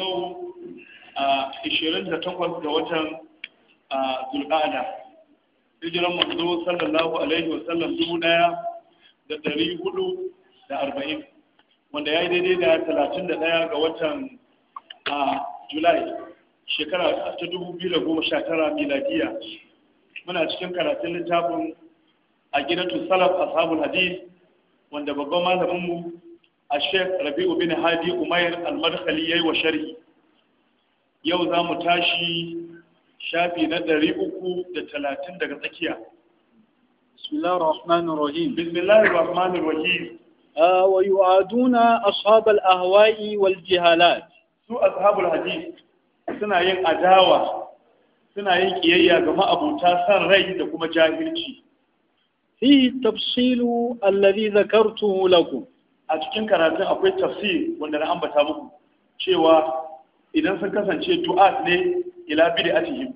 yau a ishirin da takwas ga watan zulqa'ada hijiran manzo sallallahu alaihi wasallam dubu daya da dari hudu da arba'in wanda ya yi daidai da talatin da daya ga watan julai shekara ta dubu biyu da goma sha tara miladiya muna cikin karatun littafin a gidatun salaf ashabul hadith wanda babban malaminmu a shek rabi'u bin hadi umair al-madkhali yayi wa sharhi yau za mu tashi shafi na ɗari uku da talatin daga tsakiya bismillahir ar rahim bismillahir rahim ah, wa yu'aduna ashab al-ahwa'i wal jihalat su ashabul hadith suna yin adawa suna yin kiyayya ga ma'abuta san rai da kuma jahilci fi tafsilu alladhi zakartu lakum a cikin karatun akwai tafsir wanda na ambata muku cewa idan sun kasance tu'at ne ila cikin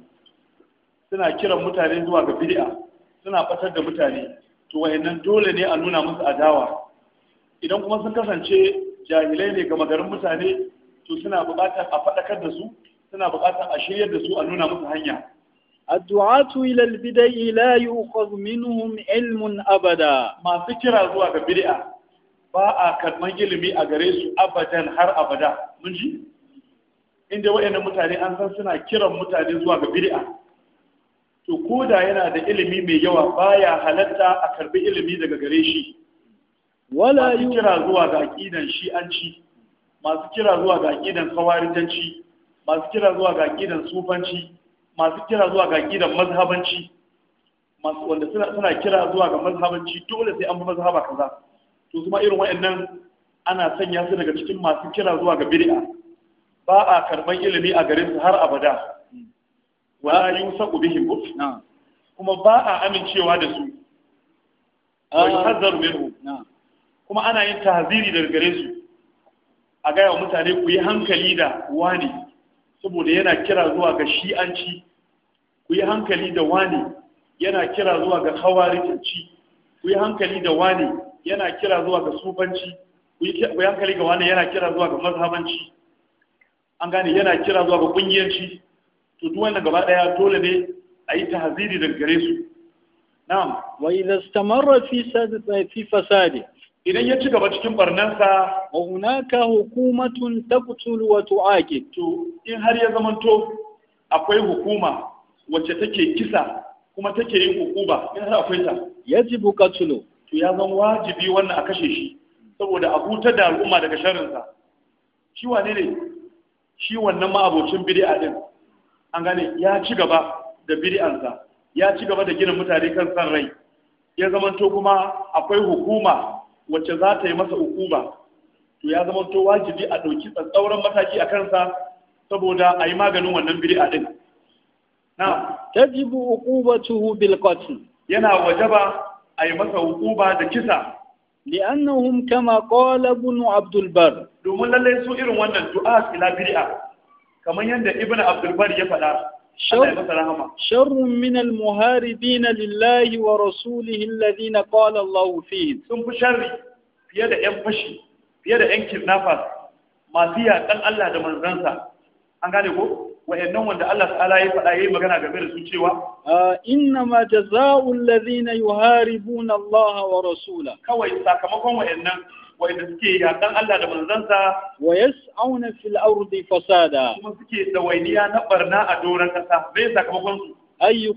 suna kiran mutane zuwa ga suna batar da mutane to wayannan dole ne a nuna musu adawa idan kuma sun kasance jahilai ne ga magarin mutane to suna buƙatar a faɗakar da su suna buƙatar a shiryar da su a nuna musu hanya addu'atu ila albidai la yuqaz minhum ilmun abada. Masu فكر zuwa ga bid'a ba a karɓar ilimi a gare su abadan har abada mun ji inda wayannan mutane an san suna kiran mutane zuwa ga bid'a to ko da yana da ilimi mai yawa baya halatta a karbi ilimi daga gare shi wala yi kira zuwa ga aqidan shi'anci masu kira zuwa ga aqidan kawarijanci masu kira zuwa ga aqidan sufanci masu kira zuwa ga aqidan mazhabanci masu wanda suna suna kira zuwa ga mazhabanci dole sai an bi mazhaba kaza to kuma irin wa'annan ana sanya su daga cikin masu kira zuwa ga bid'a ba a karɓar ilimi a garin su har abada wa yusaku bihim kuma ba a amincewa da su wa ah. yuhazzaru minhu kuma ana yin tahziri daga gare su a gaya wa mutane ku yi hankali da wani saboda yana kira zuwa ga shi'anci ku yi hankali da wani yana kira zuwa ga hawaritanci ku yi hankali da wani yana kira zuwa ga sufanci ku yi hankali ga wani yana kira zuwa ga mazhabanci an gane yana kira zuwa ga kungiyanci to duk wanda gaba daya dole ne a yi tahziri da gare su na'am wa idza stamarra fi fi fasadi idan ya ci gaba cikin barnansa wa hunaka hukumatun taqtul wa tu'aqib to in har ya zamanto akwai hukuma wacce take kisa kuma take yin hukuma in har akwai ta yajibu qatlu to ya zama wajibi wannan a kashe shi saboda a huta da al'umma daga sharrinsa shi wane ne shi wannan ma'abocin bid'a din an gane ya ci gaba da bid'ansa ya ci gaba da gina mutane kan san rai ya zamanto kuma akwai hukuma wacce za ta yi masa hukuma to ya zamanto wajibi a ɗauki tsauran mataki a kansa saboda a yi maganin wannan bid'a din na tajibu uqubatuhu bil qatl yana wajaba a yi masa hukuma da kisa li'annahum kama qala ibn abdul bar domin lalle su irin wannan du'a ila bid'a kamar yadda ibn abdul bar ya faɗa شر من المهاربين لله ورسوله الذين قال الله فيهم sun fi sharri fiye da ƴan fashi fiye da ƴan kidnappers masu yaƙan Allah da manzansa an gane ko wa'annan wanda Allah ta'ala ya faɗa yayi magana game da su cewa ah, inna ma jazaa'u alladhina yuharibuna Allah wa rasula kawai sakamakon wa'annan wa'anda suke yaƙan Allah da manzansa wa yas'auna fil ardi fasada kuma suke dawainiya na barna a doran kasa bai sakamakon su ayyu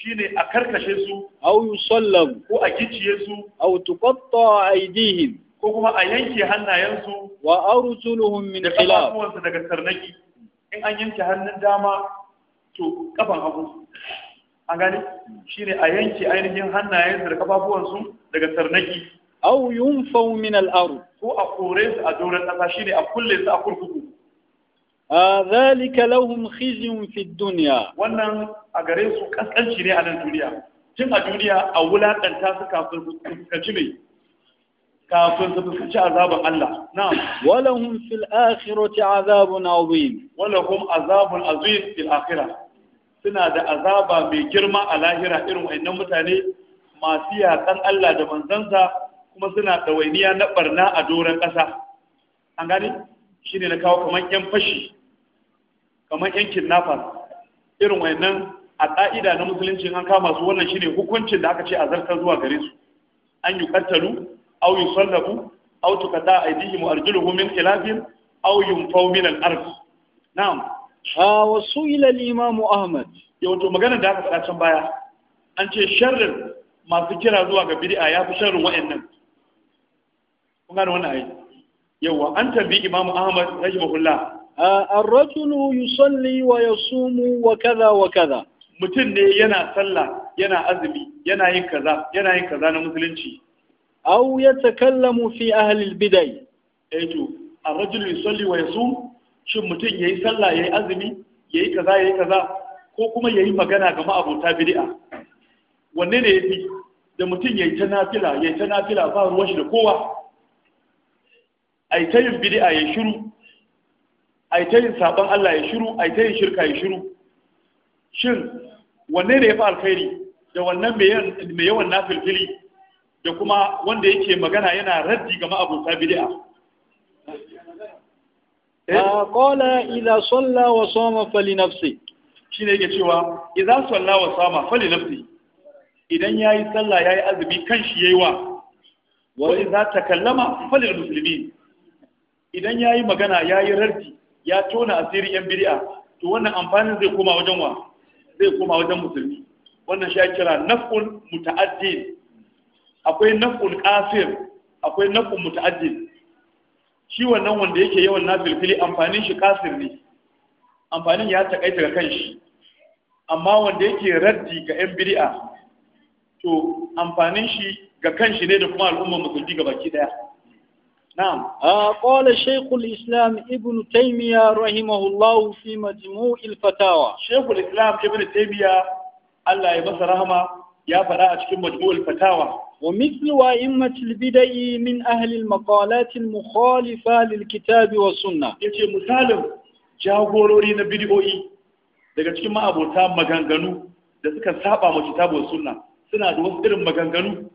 Shi ne a karkashe su aw Sallam. ko a giciye su aw a aydihim ko kuma a yanke hannayensu wa arjuluhum min khilaf daga Sarnaki. in an yanke hannun dama to kafan hagu an gane shi ne a yanke ainihin hannayen da kafafuwansu daga sarnaki au yunfau min al'aru ko a kore su a doron ƙasa shi ne a kulle su a kurkuku ذلك لهم خزي في الدنيا wannan a gare su kaskanci ne a nan duniya tun a duniya a wulakanta su kafin su kanci mai kafin su fuskanci azabin Allah na'am walahum fil akhirati azabun azim walahum azabun azim fil akhirah suna da azaba mai girma a lahira irin wayannan mutane masu yakan Allah da manzansa kuma suna ɗawainiya na barna a doron ƙasa an gani shine na kawo kamar yan fashi kamar yan kidnappers irin wayannan a ƙa'ida na musulunci an kama su wannan shine hukuncin da aka ce a zartar zuwa gare su an yi ƙattalu aw yusallabu aw tukata aydihim wa arjuluhum min khilafin aw yunfaw min al-ard na'am ha wa su'ila al-imam ahmad yawanto magana da aka faɗa can baya an ce sharrin masu kira zuwa ga bid'a ya fi sharrin wa'annan kun gane wannan ayi yawa an tambayi imam ahmad rahimahullah الرجل يصلي ويصوم وكذا وكذا mutum ne yana sallah yana azumi yana yin kaza yana yin kaza na musulunci aw yatakallamu fi ahli al-bidai eh to ar-rajul yusalli wa yasum shin mutum yayi sallah yayi azumi yayi kaza yayi kaza ko kuma yayi magana ga ma'abota bid'a wanne ne yafi da mutum yayi ta nafila yayi ta nafila ba ruwan shi da kowa ai ta yin bid'a ya shiru ai ta yin sabon Allah ya shiru ai ta yin shirka ya shiru shin wanne ne yafi alkhairi da wannan me yawan nafilfili da kuma wanda yake magana yana raddi ga ma'abuta bid'a eh? qala idza salla wa sama fali nafsi shine yake cewa idza salla wa sama fali nafsi idan yayi sallah yayi azumi kan shi yayi wa wa idza takallama fali muslimin idan yayi magana yayi raddi ya tona asirin yan bid'a to wannan amfanin zai koma wajen wa zai koma wajen musulmi wannan shi ya kira naf'un muta'addi akwai naf'ul qasir akwai naf'in muta'addid shi wannan wanda yake yawan nafil fili amfanin shi kasir ne amfanin ya takaita ga kanshi amma wanda yake raddi ga yan bid'a to amfanin shi ga kanshi ne da kuma al'ummar musulmi ga baki daya na'am qala shaykhul islam ibn taymiya rahimahullah fi majmu'il fatawa shaykhul islam ibn taymiya Allah ya masa rahama ya faɗa a cikin majmu'ul fatawa ومثل أئمة البدع من أهل المقالات المخالفة للكتاب والسنة يجي مثال جاغوروري na bid'o'i daga cikin ma'abota maganganu da suka saba kitabu kitabun sunna suna da wasu irin maganganu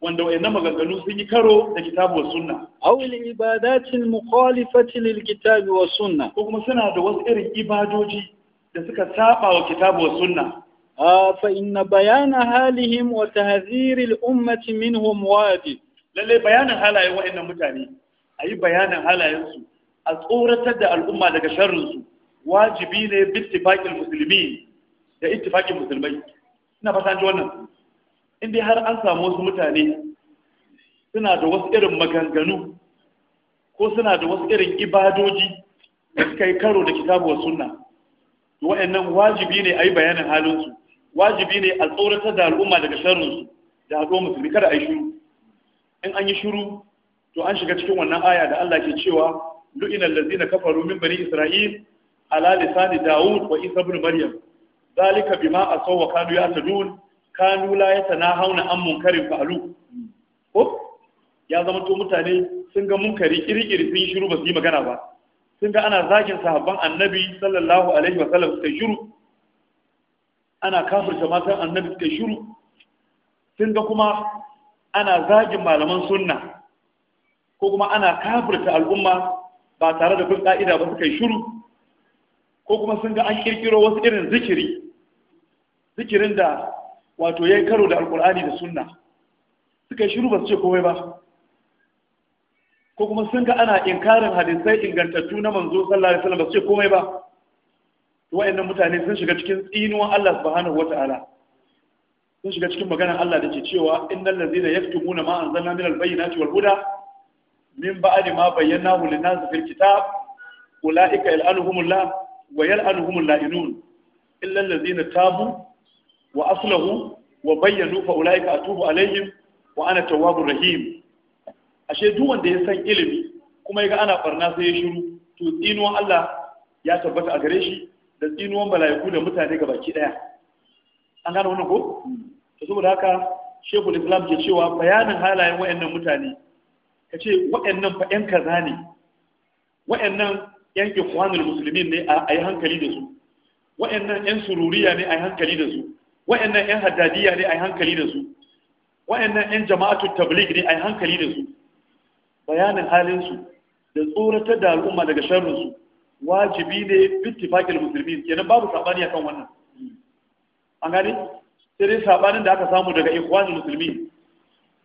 wanda wayannan maganganu sun yi karo da kitabun sunna aw al ibadatil mukhalifati lil kitabi was sunna ko kuma suna da wasu irin ibadoji da suka saba wa kitabun sunna فإن بيان حالهم وتهذير الأمة منهم واجب lalle bayanin halayen wa'annan mutane a yi bayanin halayensu a tsoratar da al'umma daga sharrinsu wajibi ne bittifaƙin musulmi da ittifaƙin musulmai ina fata ji wannan in dai har an samu wasu mutane suna da wasu irin maganganu ko suna da wasu irin ibadoji kai, karo da kitabu wa sunna wa'annan wajibi ne a yi bayanin halinsu wajibi ne a tsoratar da al'umma daga sharrinsu da haɗo musulmi kada a yi shuru in an yi shuru to an shiga cikin wannan aya da Allah ke cewa lu'inal ladzina kafaru min bani isra'il ala lisani daud wa isa ibn maryam zalika bima asaw wa kanu ya'tadun kanu la yatanahawna an munkarin fa'alu ko ya zama to mutane sun ga munkari kirkiri sun shiru ba su yi magana ba sun ga ana zagin sahabban annabi sallallahu alaihi wa sallam sai shiru ana kafirta matan annabi suka shiru sun ga kuma ana zagin malaman sunna ko kuma ana kafirta al'umma ba tare da bin ka'ida ba suka shiru ko kuma sun ga an kirkiro wasu irin zikiri zikirin da wato ya yi karo da alkur'ani da sunna suka shiru ba su ce kowai ba ko kuma sun ga ana inkarin hadisai ingantattu na manzo sallallahu alaihi wasallam ba su ce komai ba to mutane sun shiga cikin tsinuwan Allah subhanahu wataala sun shiga cikin magana Allah da ke cewa innal ladzina yaktumuna ma anzalna min albayyinati wal huda min ba'di ma bayyanahu lin-nas fil kitab ulaika yal'anuhumullah wa yal'anuhumul la'inun illa alladzina tabu wa aslahu wa bayyanu fa ulaika atubu alaihim wa ana tawwabur rahim ashe duk wanda ya san ilimi kuma yaga ana barna sai ya shiru to tsinuwan Allah ya tabbata a gare shi da tsinuwan mala'iku da mutane ga baki daya an gane wannan ko to saboda haka shekul islam ke cewa bayanin halayen wayannan mutane ka ce wayannan fa yan kaza ne wayannan yan ikhwanul muslimin ne a yi hankali da su wayannan yan sururiya ne a yi hankali da su wayannan yan haddadiya ne a yi hankali da su wayannan yan jama'atu tabligh ne a yi hankali da su bayanin halin su da tsoratar da al'umma daga sharrin su wajibi ne bittifaqil musulmin kenan babu sabani akan wannan an gani sai dai sabanin da aka samu daga ikhwanul musulmin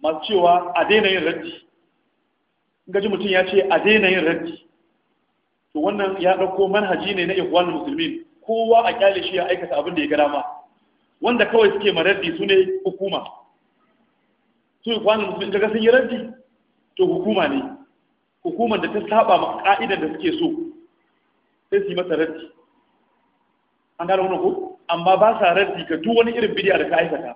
masu cewa a daina yin raddi in gaji mutum ya ce a daina yin raddi to wannan ya dauko manhaji ne na ikhwanul musulmin, kowa a kyale shi ya aikata abin da ya ga dama wanda kawai suke maraddi su ne hukuma su ikhwanul muslimin kaga sun yi raddi to hukuma ne hukumar da ta saba ma ka'idar da suke so sai su yi masa raddi an gano wani ko amma ba sa raddi ga duk wani irin bidiya da ka aikata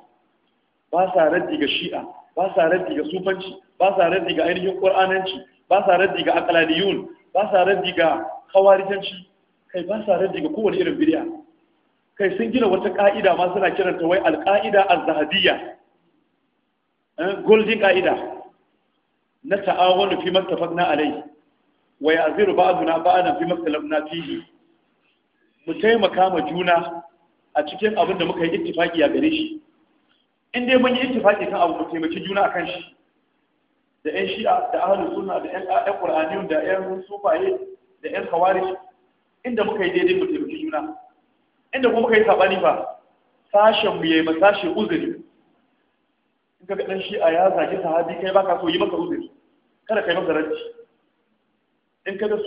ba sa raddi ga shi'a ba sa raddi ga sufanci ba sa raddi ga ainihin ƙur'ananci, ba sa raddi ga aqlaliyun ba sa raddi ga khawarijanci kai ba sa raddi ga kowane irin bidiya kai sun gina wata ka'ida ma suna kiranta wai alƙa'ida az-zahabiyya eh, golden ka'ida na ta'awunu fi mattafaqna alayhi wa ya'ziru ba'duna ba'dan fi masalabna fiye? mu taimaka ma juna a cikin abin da muka yi ittifaki a gare shi in dai mun yi ittifaki kan abu mu taimaki juna a kan shi da 'yan shi'a da ahlus suna da 'yan ƴan da 'yan sufaye da 'yan khawarij inda muka yi daidai mu taimaki juna inda kuma muka yi sabani fa sashen mu ya yi ma sashen uzuri in ka ga dan shi'a ya zagi sahabi kai baka so yi maka uzuri kada ka yi masa ranci in kaga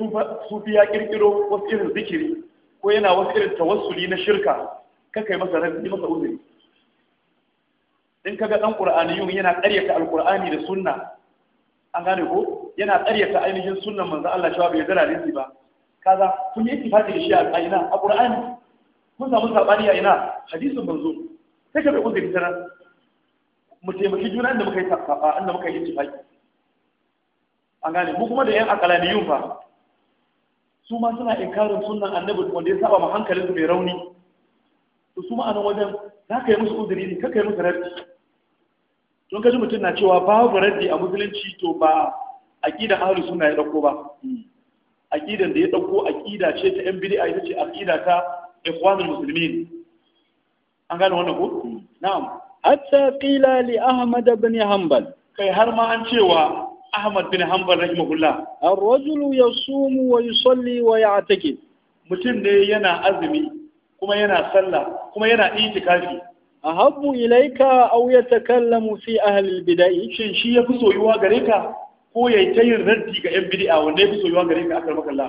sufi ya kirkiro wasu irin zikiri ko yana wasu irin tawassuli na shirka kakai masa rabi masa uzuri in kaga dan qur'aniyun yana ƙaryata alqur'ani da sunna an gane ko yana ƙaryata ainihin sunnan manzo Allah cewa bai zara dinsi ba kaza kun yi ittifaqi da shi a ina a qur'ani Kun samu sabani a ina hadisin manzo sai ka bai uzuri tana mu taimaki juna inda muka yi tafafa inda muka yi ittifaqi an gane mu kuma da yan akalaniyun fa su ma suna inkarin sunan annabi wanda ya saba ma hankalin su mai rauni to su ma a nan wajen za ka yi musu uzuri ne ka kai musu raddi don kaji mutum na cewa babu raddi a musulunci to ba aqidan ahlus sunna ya dauko ba aqidan da ya dauko aqida ce ta yan bid'a ita ce aqida ta ikhwanul muslimin an gane wannan ko na'am hatta qila li ahmad ibn hanbal kai har ma an cewa Ahmad bin Hanbal rahimahullah ar-rajulu yasumu wa yusalli wa ya'taqid mutum ne yana azumi kuma yana sallah kuma yana itikafi ahabbu ilayka aw yatakallamu fi ahli al-bid'ah shin shi yafi soyuwa gare ka ko yayi tayin raddi ga yan bid'a wanda yafi soyuwa gare ka akar makalla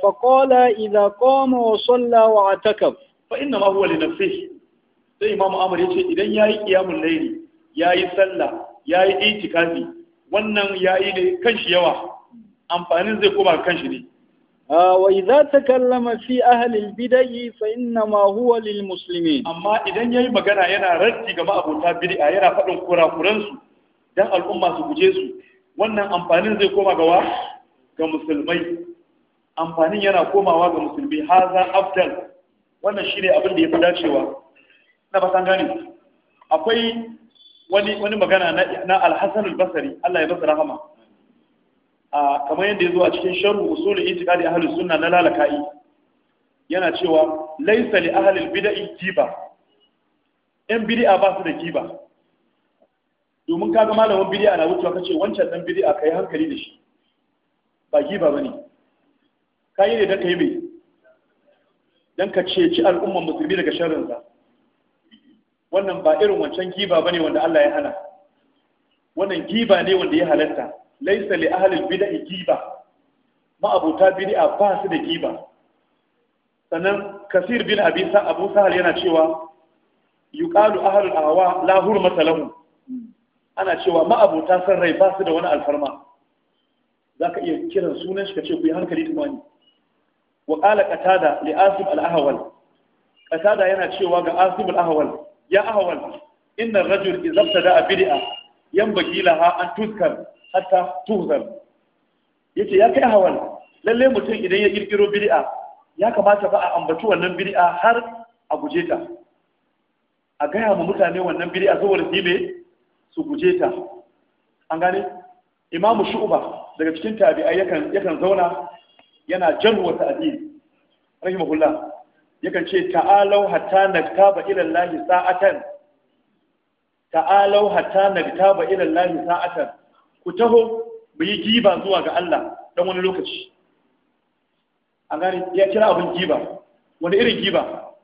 fa qala idza qama wa salla wa atakab fa inna ma huwa li nafsihi sai imam Ahmad yace idan yayi qiyamul layli yayi sallah yayi itikafi wannan yayi ne kanshi yawa amfanin zai koma kanshi ne wa idza takallama fi ahli al fa inna ma huwa lil muslimin amma idan yayi magana yana ratti ga abota bid'a yana fadin kurakuran su dan al'umma su guje su wannan amfanin zai koma gawa ga musulmai amfanin yana komawa ga musulmi haza afdal wannan shine abin da yafi dacewa na ba gane akwai wani wani magana na na al-Hasan al-Basri Allah ya basa rahama a kamar yadda yazo a cikin sharh usul itiqadi ahli sunna na lalaka'i yana cewa laysa li ahli al-bid'i jiba in bid'a ba su da jiba domin kaga malamin bid'a na wucewa kace wancan dan bid'a kai hankali da shi ba jiba bane kai ne da kai mai dan ka ci al'umman musulmi daga sharrin sa wannan ba irin wancan giba bane wanda Allah ya hana wannan giba ne wanda ya halatta laisa li ahli bid'ah giba ma abota bid'a ba su da giba sannan kasir bin abi sa abu sahal yana cewa yuqalu ahlul ahwa la hurmata lahum ana cewa ma abota san rai ba su da wani alfarma zaka iya kiran sunan shi kace ku yi hankali tumani wa qala qatada li asib al ahwal qatada yana cewa ga asib al ahwal ya ahwal inna rajul idza btada bid'a yanbaghi laha an tuzkar hatta tuhzar yace ya kai ahwal lalle mutum idan ya kirkiro bid'a ya kamata ba a ambaci wannan bid'a har a guje ta a gaya wa mutane wannan bid'a saboda su ne su guje ta an gane imamu shu'ba daga cikin tabi'ai yakan yakan zauna yana jalwa ta'dil rahimahullah yakan ce ta'alau hatta naktaba ila Allah sa'atan ta'alau hatta naktaba ila Allah sa'atan ku taho mu yi giba zuwa ga Allah dan wani lokaci an gani ya kira abin giba wani irin giba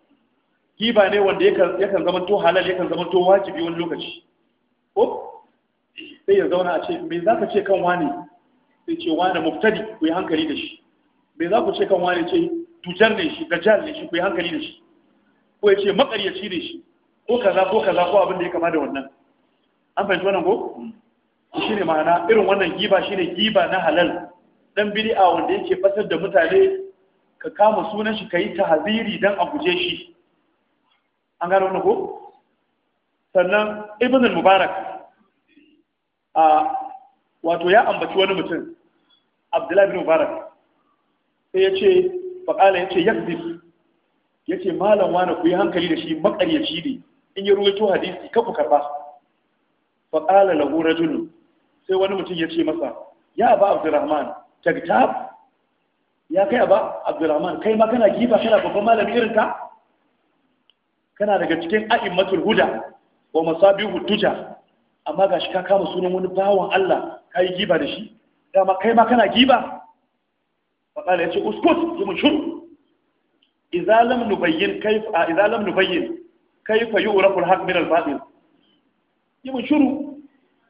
giba ne wanda yakan zama to halal yakan zama to wajibi wani lokaci ko sai ya zauna a ce me za ka ce kan wani sai ce wani mubtadi ku yi hankali da shi me za ku ce kan wani ce tutar ne shi dajjal ne shi ku yi hankali da shi ko ya ce makaryaci ne shi ko kaza ko kaza ko abin da ya kama da wannan an fahimci wannan ko shi ne ma'ana irin wannan giba shi ne giba na halal dan bid'a wanda yake fasar da mutane ka kama sunan shi ka yi haziri dan a guje shi an gano wannan ko sannan ibn al-mubarak a wato ya ambaci wani mutum abdullahi ibn mubarak sai ya ce faƙala ya ce yakzib ya ce malam wani ku yi hankali da shi makaryaci ne in ya ruwaito hadisi ka ku karɓa faƙala lahu jini, sai wani mutum ya ce masa ya ba abdurrahman tagta ya kai ba abdurrahman kai ma kana giba kana babban malami irin ka kana daga cikin a'immatul huda wa masabihu duja amma gashi ka kama sunan wani bawan Allah ka yi giba da shi dama kai ma kana giba faƙala ya ce uskut yi mun shuru izalam nubayyin kaifa izalam nubayyin kaifa yu'rafu al-haq min al-batil shuru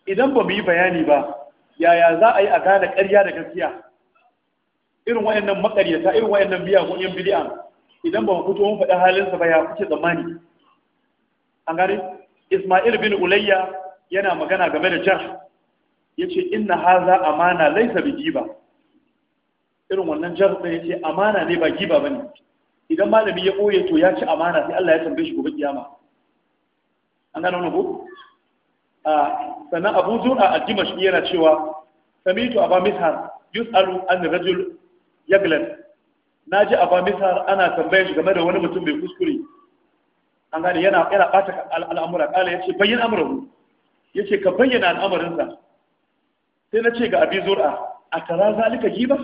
idan ba mu yi bayani ba yaya za a yi a gane ƙarya da gaskiya irin wayannan makaryata irin wayannan biya ko yan bid'a idan ba ku fito mu faɗi halinsa ba ya kuke tsammani an Isma'il bin Ulayya yana magana game da Jah yace inna haza amana laysa bijiba irin wannan jarumta ya ce amana ne ba giba ba ne idan malami ya ɓoye to ya ci amana sai Allah ya tambaye shi gobe kiyama an gano wani ko a sannan abu zura a shi yana cewa samitu aba mishar yus'alu an rajul yaglan na ji aba mishar ana tambaye shi game da wani mutum mai kuskure an gane yana yana bata al'amura kala ya ce bayyan amurahu ya ce ka bayyana al'amarinsa sai na ce ga abi zura a tara zalika giba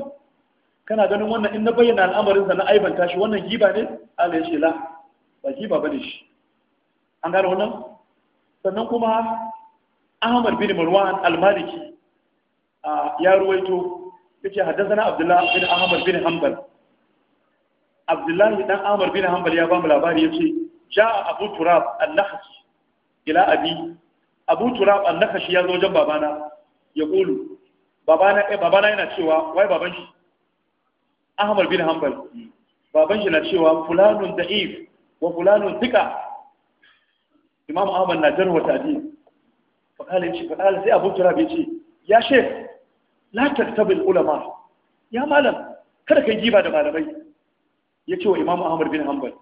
kana ganin wannan in na bayyana al'amarinsa na aibanta shi wannan giba ne Allah ya ce la ba giba ba ne shi an gane wannan sannan kuma Ahmad bin Marwan al-Maliki ya ruwaito yace haddathana Abdullah bin Ahmad bin Hanbal Abdullah dan Ahmad bin Hanbal ya ba mu labari yace ja'a Abu Turab al-Nakhshi ila abi Abu Turab al-Nakhshi ya zo wajen babana ya kulu babana eh babana yana cewa wai baban shi ahmad bin hanbal baban shi na cewa fulanun da'if wa fulanun thika imam ahmad na jarwa tadi fa kala yace fa sai abu turab ce ya shek la taktabil ulama ya malam kada kai giba da malamai ya ce wa imam ahmad bin hanbal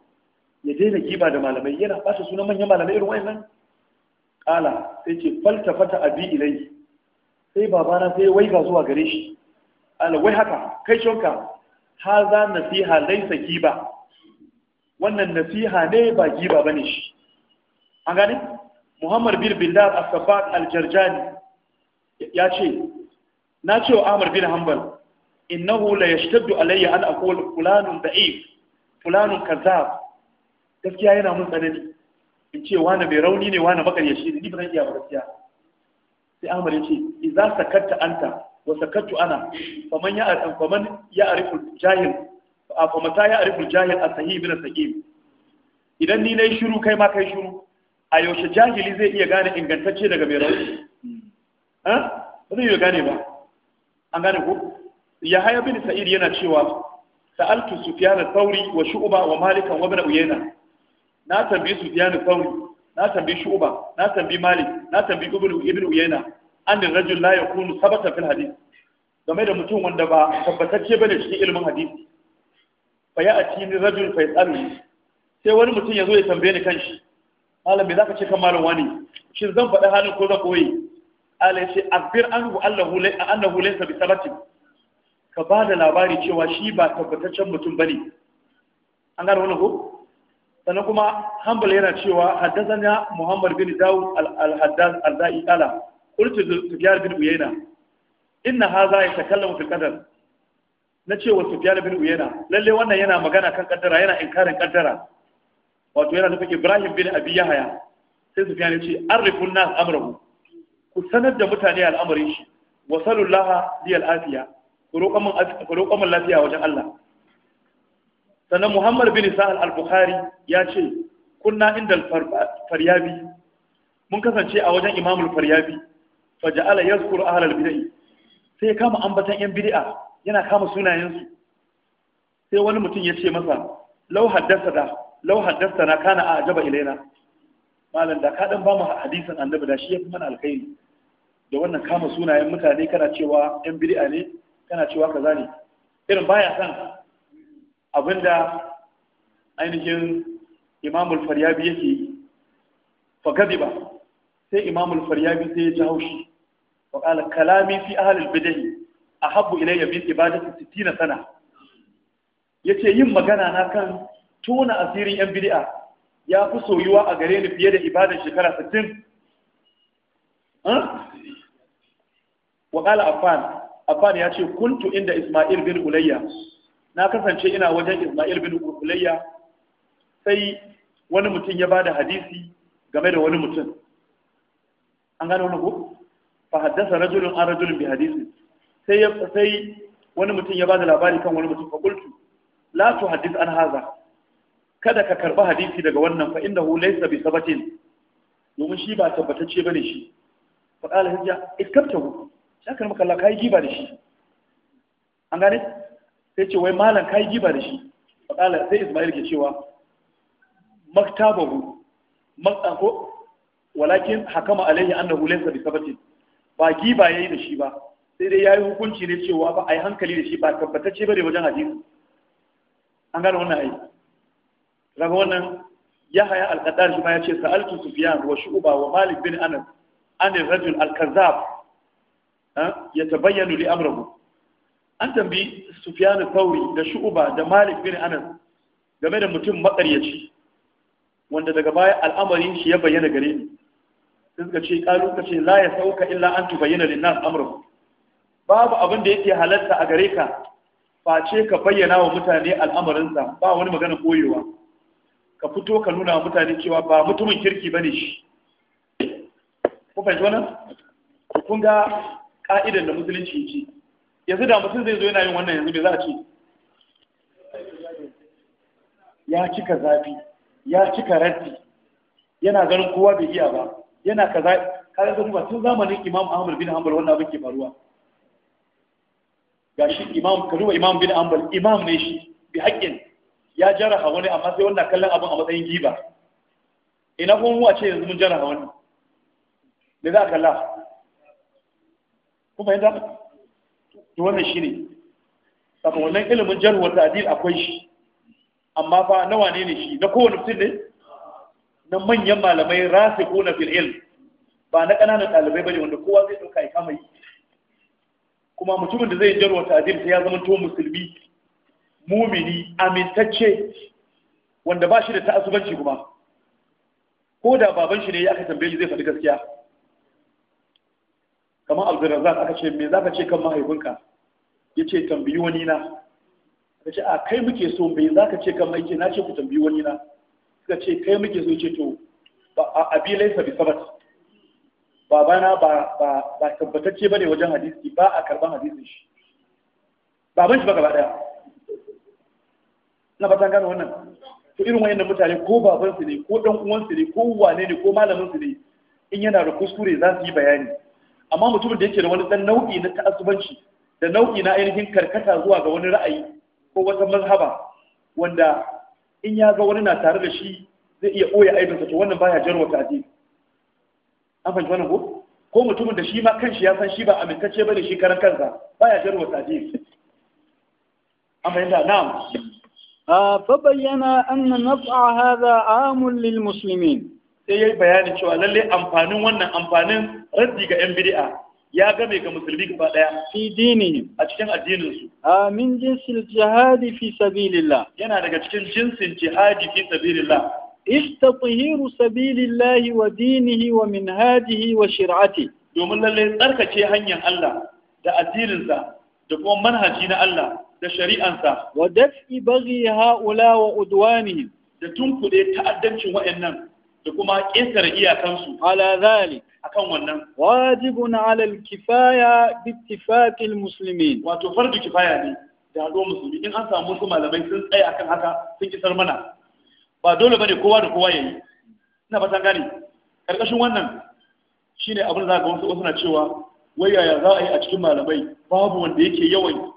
ya daina giba da malamai yana ba sunan manyan malamai irin wayannan kala sai ce faltafata abi ilai sai babana sai waiga zuwa gare shi ala wai haka kai shonka haza nasiha laisa giba wannan nasiha ne ba giba bane shi an gane muhammad bin bindar as-sabbaq al-jarjani ya ce na ce wa amr bin hanbal innahu la yashtaddu alayya an aqul fulanun da'if fulanun kazzab gaskiya yana mun tsanani in ce wani bai rauni ne wani makaryashi ne ni ba zan iya ba gaskiya sai ahmad ya ce idza sakatta anta Wasakatu ana faman ya faman ya arifu jahil fa mata ya arifu jahil as-sahih bin as idan ni nayi shiru kai ma kai shiru a yaushe jahili zai iya gane ingantacce daga mai rauni ha ba zai iya gane ba an gane ko ya haya bin sa'id yana cewa sa'altu sufyan al-thawri wa shu'ba wa malik wa ibn uyayna na tambayi sufyan al-thawri na tambayi shu'ba na tambayi malik na tambayi ibn ibn uyayna an da rajul la yakunu sabata fil hadith game da mutum wanda ba tabbatacce bane cikin ilimin hadisi fa ya ati ni rajul fa yasalni sai wani mutum ya zo ya tambaye ni kanshi malam me zaka ce kan malam wani shin zan faɗi halin ko zan koyi ala yace akbir anhu allahu la annahu laysa bi sabati ka ba da labari cewa shi ba tabbataccen mutum bane an gane wannan ko sannan kuma hanbal yana cewa haddazana muhammad bin daud al-haddaz al-da'i ala qultu sufyan bin uyayna inna hadha yatakallamu fil qadar na ce wa sufyan bin uyayna Lallai wannan yana magana kan kaddara yana inkarin kaddara wato yana nufin ibrahim bin abi yahya sai sufyan ya ce arifun nas amrahu ku sanar da mutane al'amarin shi wa sallallahu liyal afiya ku roƙon lafiya wajen Allah sannan muhammad bin sa'al al-bukhari ya ce kunna inda faryabi mun kasance a wajen imamul faryabi faja'ala yazkuru ahlal bid'ah sai kama ambatan yan bid'a yana kama sunayensu sai wani mutum ya ce masa law haddasa da na kana a ajaba ilaina malam da ka dan ba mu hadisin annabi da shi ya fi mana alkhairi da wannan kama sunayen mutane kana cewa yan bid'a ne kana cewa kaza ne irin baya san abinda ainihin imamul faryabi yake fa ba sai imamul faryabi sai ya ji haushi wa qala kalami fi ahli bid'ah ahabbu ilayya min ibadati sittina sana yace yin magana na kan tona asirin yan bid'a ya fi soyuwa a gare ni fiye da ibadar shekara 60 wa qala afan afan yace kuntu inda isma'il bin ulayya na kasance ina wajen isma'il bin ulayya sai wani mutum ya bada hadisi game da wani mutum an gano wani ko fa haddasa rajulun an rajulun bi hadisi sai ya sai wani mutum ya ba da labari kan wani mutum fa qultu la hadis an haza kada ka karba hadisi daga wannan fa innahu laysa bi sabatin domin shi ba tabbatacce bane shi fa qala hajja iskabtahu shakar maka Allah kai giba da shi an gane sai ce wai malam kai giba da shi fa qala sai Isma'il ke cewa maktabahu maktabahu walakin hakama alaihi annahu laysa bi sabati ba giba yayi da shi ba sai dai yayi hukunci ne cewa ba ai hankali da shi ba tabbatacce bane wajen hadisi an gano wannan ai daga wannan Yahaya al-qaddar shi ma yace sa'altu sufyan wa shu'ba wa malik bin anas an ar-rajul al-kazzab eh, tabayyana li amrihi an tambayi sufyan thawri da shu'ba da malik bin anas game da mutum makaryaci wanda daga baya al'amarin shi ya bayyana gare ni suka ce kalu ka ce la ya sauka illa an tubayyana nas amru babu abin da yake halatta a gare ka face ka bayyana wa mutane sa ba wani magana koyewa ka fito ka nuna wa mutane cewa ba mutumin kirki bane shi ku fahimci wannan kun ga ka'idar da musulunci yake yanzu da mutum zai zo yana yin wannan yanzu me za a ce ya cika zafi ya cika raddi yana ganin kowa bai iya ba yana kaza kaga ga kuma tun zamanin imam ahmad bin hanbal wannan abin ke faruwa gashi imam kaduwa imam bin hanbal imam ne shi bi haƙƙin ya jaraha wani amma sai wannan kallon abin a matsayin giba ina kuma mu a ce yanzu mun jaraha wani ne za a kalla kuma yadda to wannan shi ne saka wannan ilimin jarwar ta'adil akwai shi amma fa nawa ne ne shi na kowane fitin ne na manyan malamai rasikuna fil ilm ba na ƙananan ɗalibai bane wanda kowa zai ɗauka ya kama yi kuma mutumin da zai jarwa ta'zim sai ya zama to musulmi mumini amintacce wanda ba shi da ta'asubanci kuma ko da baban shi ne ya aka tambaye shi zai faɗi gaskiya kamar abdulrazak aka ce me zaka ce kan mahaifinka yace tambayi wani na kace a kai muke so me zaka ce kan mai na ce ku tambayi wani na suka ce kai muke so ce to a laisa bi sabat babana ba ba ba tabbatacce bane wajen hadisi ba a karban hadisin shi ban shi ba gaba daya na batan gano wannan to irin da mutane ko baban su ne ko dan uwan su ne ko wane ne ko malamin su ne in yana da kuskure za su yi bayani amma mutumin da yake da wani dan nau'i na ta'assubanci da nau'i na ainihin karkata zuwa ga wani ra'ayi ko wata mazhaba wanda in ya ga wani na tare da shi zai iya ɓoye aibinsa to wannan baya jarwa ta'adil an fahimci wannan ko ko mutumin da shi ma kanshi ya san shi ba amintacce bane shi karan kansa baya jarwa ta'adil an fahimta na'am فبين أن نفع هذا عام للمسلمين sai yayi bayanin cewa lalle amfanin wannan amfanin raddi ga 'yan bid'a ya game ga musulmi gaba daya fi dini a cikin addinin su min jinsil jihadi fi sabilillah yana daga cikin jinsin jihadi fi sabilillah istatahiru sabilillah wa dinihi wa minhajihi wa shir'ati domin lalle tsarkace hanyar Allah da addinin sa da kuma manhaji na Allah da shari'ansa wa daf'i baghi ha'ula wa udwanihim da tunkuɗe ta'addancin wayannan da kuma ƙetare iyakansu ala zalik akan wannan wajibun ala al-kifaya bi ittifaqil muslimin wato fardu kifaya ne da do musulmi in an samu su malamai sun tsaya akan haka sun kisar mana ba dole bane kowa da kowa yayi ina fatan gani karkashin wannan shine abin da ga wasu suna cewa wai yaya za a yi a cikin malamai babu wanda yake yawan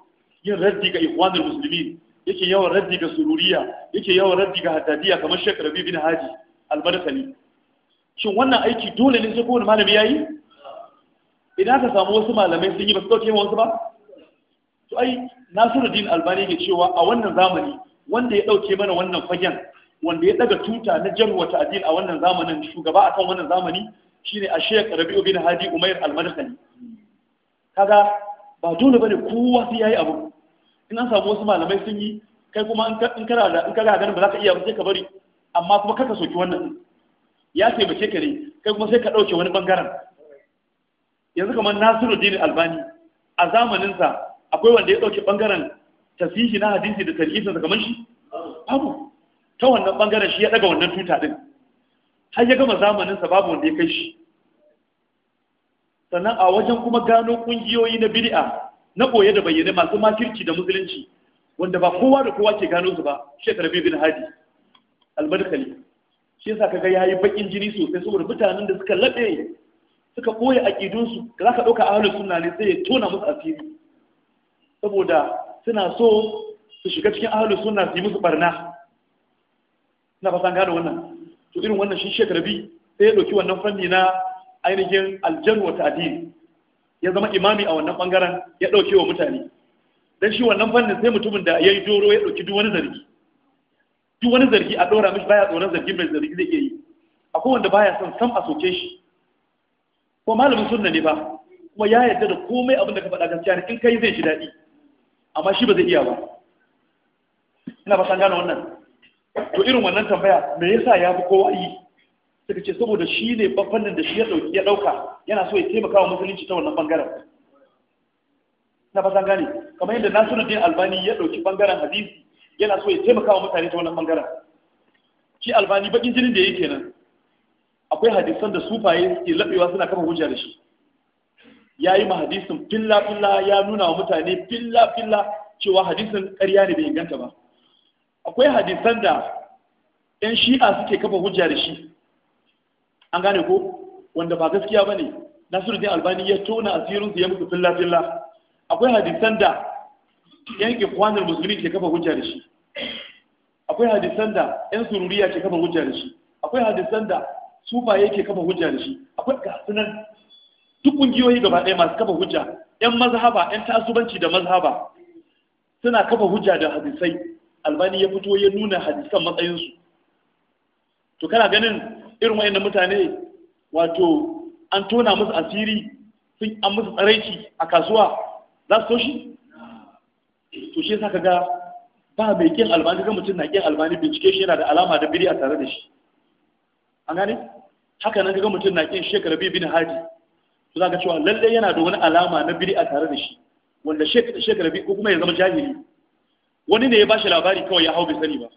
yin raddi ga ikhwanul muslimin yake yawan raddi ga sururiya yake yawan raddi ga haddadiya kamar Shekaru bibin Haji al shin wannan aiki dole ne sai kowane malami ya yi idan ka samu wasu malamai sun yi ba su ɗauke wasu ba to ai nasiruddin albani ke cewa a wannan zamani wanda ya ɗauke mana wannan fagen wanda ya ɗaga tuta na wata ta'adil a wannan zamanin shugaba a kan wannan zamani shine a shek rabi'u bin hadi umair al-madkhali kaga ba dole bane kowa sai yayi abu in an samu wasu malamai sun yi kai kuma in ka da in kana ganin ba za ka iya ba sai ka bari amma kuma kaka soki wannan ya taimake ka ne kai kuma sai ka ɗauke wani ɓangaren yanzu kamar nasiru dini albani a zamaninsa akwai wanda ya ɗauke ɓangaren tasihi na hadisi da tarihinsa kamar shi babu ta wannan ɓangaren shi ya ɗaga wannan tuta ɗin har ya gama zamaninsa babu wanda ya kai shi sannan a wajen kuma gano ƙungiyoyi na bid'a na ɓoye da bayyane masu makirci da musulunci wanda ba kowa da kowa ke gano su ba shekar bin hadi albarkali shi yasa kaga yayi bakin jini sosai saboda mutanen da suka labe suka koya aqidunsu za ka dauka ahlus sunna ne sai ya tona musu asiri saboda suna so su shiga cikin ahlus sunna su yi musu barna ina fatan gane wannan to irin wannan shi shekarabi sai ya dauki wannan fanni na ainihin aljannu wa ta'dil ya zama imami a wannan bangaren ya dauke wa mutane dan shi wannan fannin sai mutumin da ya yi doro ya dauki duk wani zargi duk wani zargi a ɗora mishi baya tsoron zargin mai zargi zai iya yi akwai wanda baya son sam a soke shi ko malamin sunna ne ba kuma ya yarda da komai abin da ka faɗa gaskiya ne in kai zai ji daɗi amma shi ba zai iya ba ina ba san gane wannan to irin wannan tambaya me yasa ya fi kowa yi suka ce saboda shi ne fannin da shi ya ɗauka yana so ya taimaka wa musulunci ta wannan ɓangaren na san gane kamar yadda nasiruddin albani ya ɗauki ɓangaren hadisi yana so ya taimaka wa mutane ta wannan bangaren shi albani bakin jinin da yake nan akwai hadisan da sufaye ke labewa suna kafa hujja da shi ya yi ma hadisin filla filla ya nuna wa mutane filla filla cewa hadisin ƙarya ne bai inganta ba akwai hadisan da yan shi'a suke kafa hujja da shi an gane ko wanda ba gaskiya ba ne nasiruddin albani ya tona asirinsu ya mutu filla filla akwai hadisan da yan kwanar musulmi ke kafa hujja da shi akwai hadisan da yan sururiya ke kafa hujja da shi akwai hadisan da sufaye ke kafa hujja da shi akwai gasunan duk kungiyoyi gaba ɗaya masu kafa hujja yan mazhaba yan tasubanci da mazhaba suna kafa hujja da hadisai albani ya fito ya nuna hadisan matsayinsu to kana ganin irin wayannan mutane wato an tona musu asiri sun an musu tsaraici a kasuwa za su toshi to shi saka ga ba mai kin albani ga mutum na kin albani bincike shi yana da alama da biri a tare da shi an gane haka nan ga mutum na kin shekara bi bin hadi to zaka cewa lalle yana da wani alama na biri a tare da shi wanda shekara bi ko kuma ya zama jahili wani ne ya bashi labari kawai ya hau bai sani ba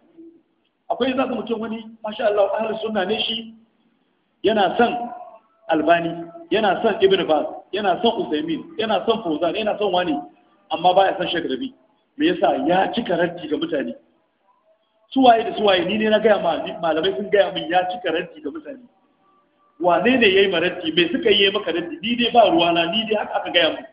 akwai za ka mutum wani masha Allah ahlus sunna ne shi yana son albani yana son ibn baz yana son usaimin yana son fauzan yana son wani amma baya son shekara bi me yasa ya cika ranti ga mutane suwaye da suwaye ni ne na gaya malamai sun gaya min ya cika ranti ga mutane wane ne ya yi maranti me suka yi maka ranti ni dai ba ruwa na ni dai haka aka gaya min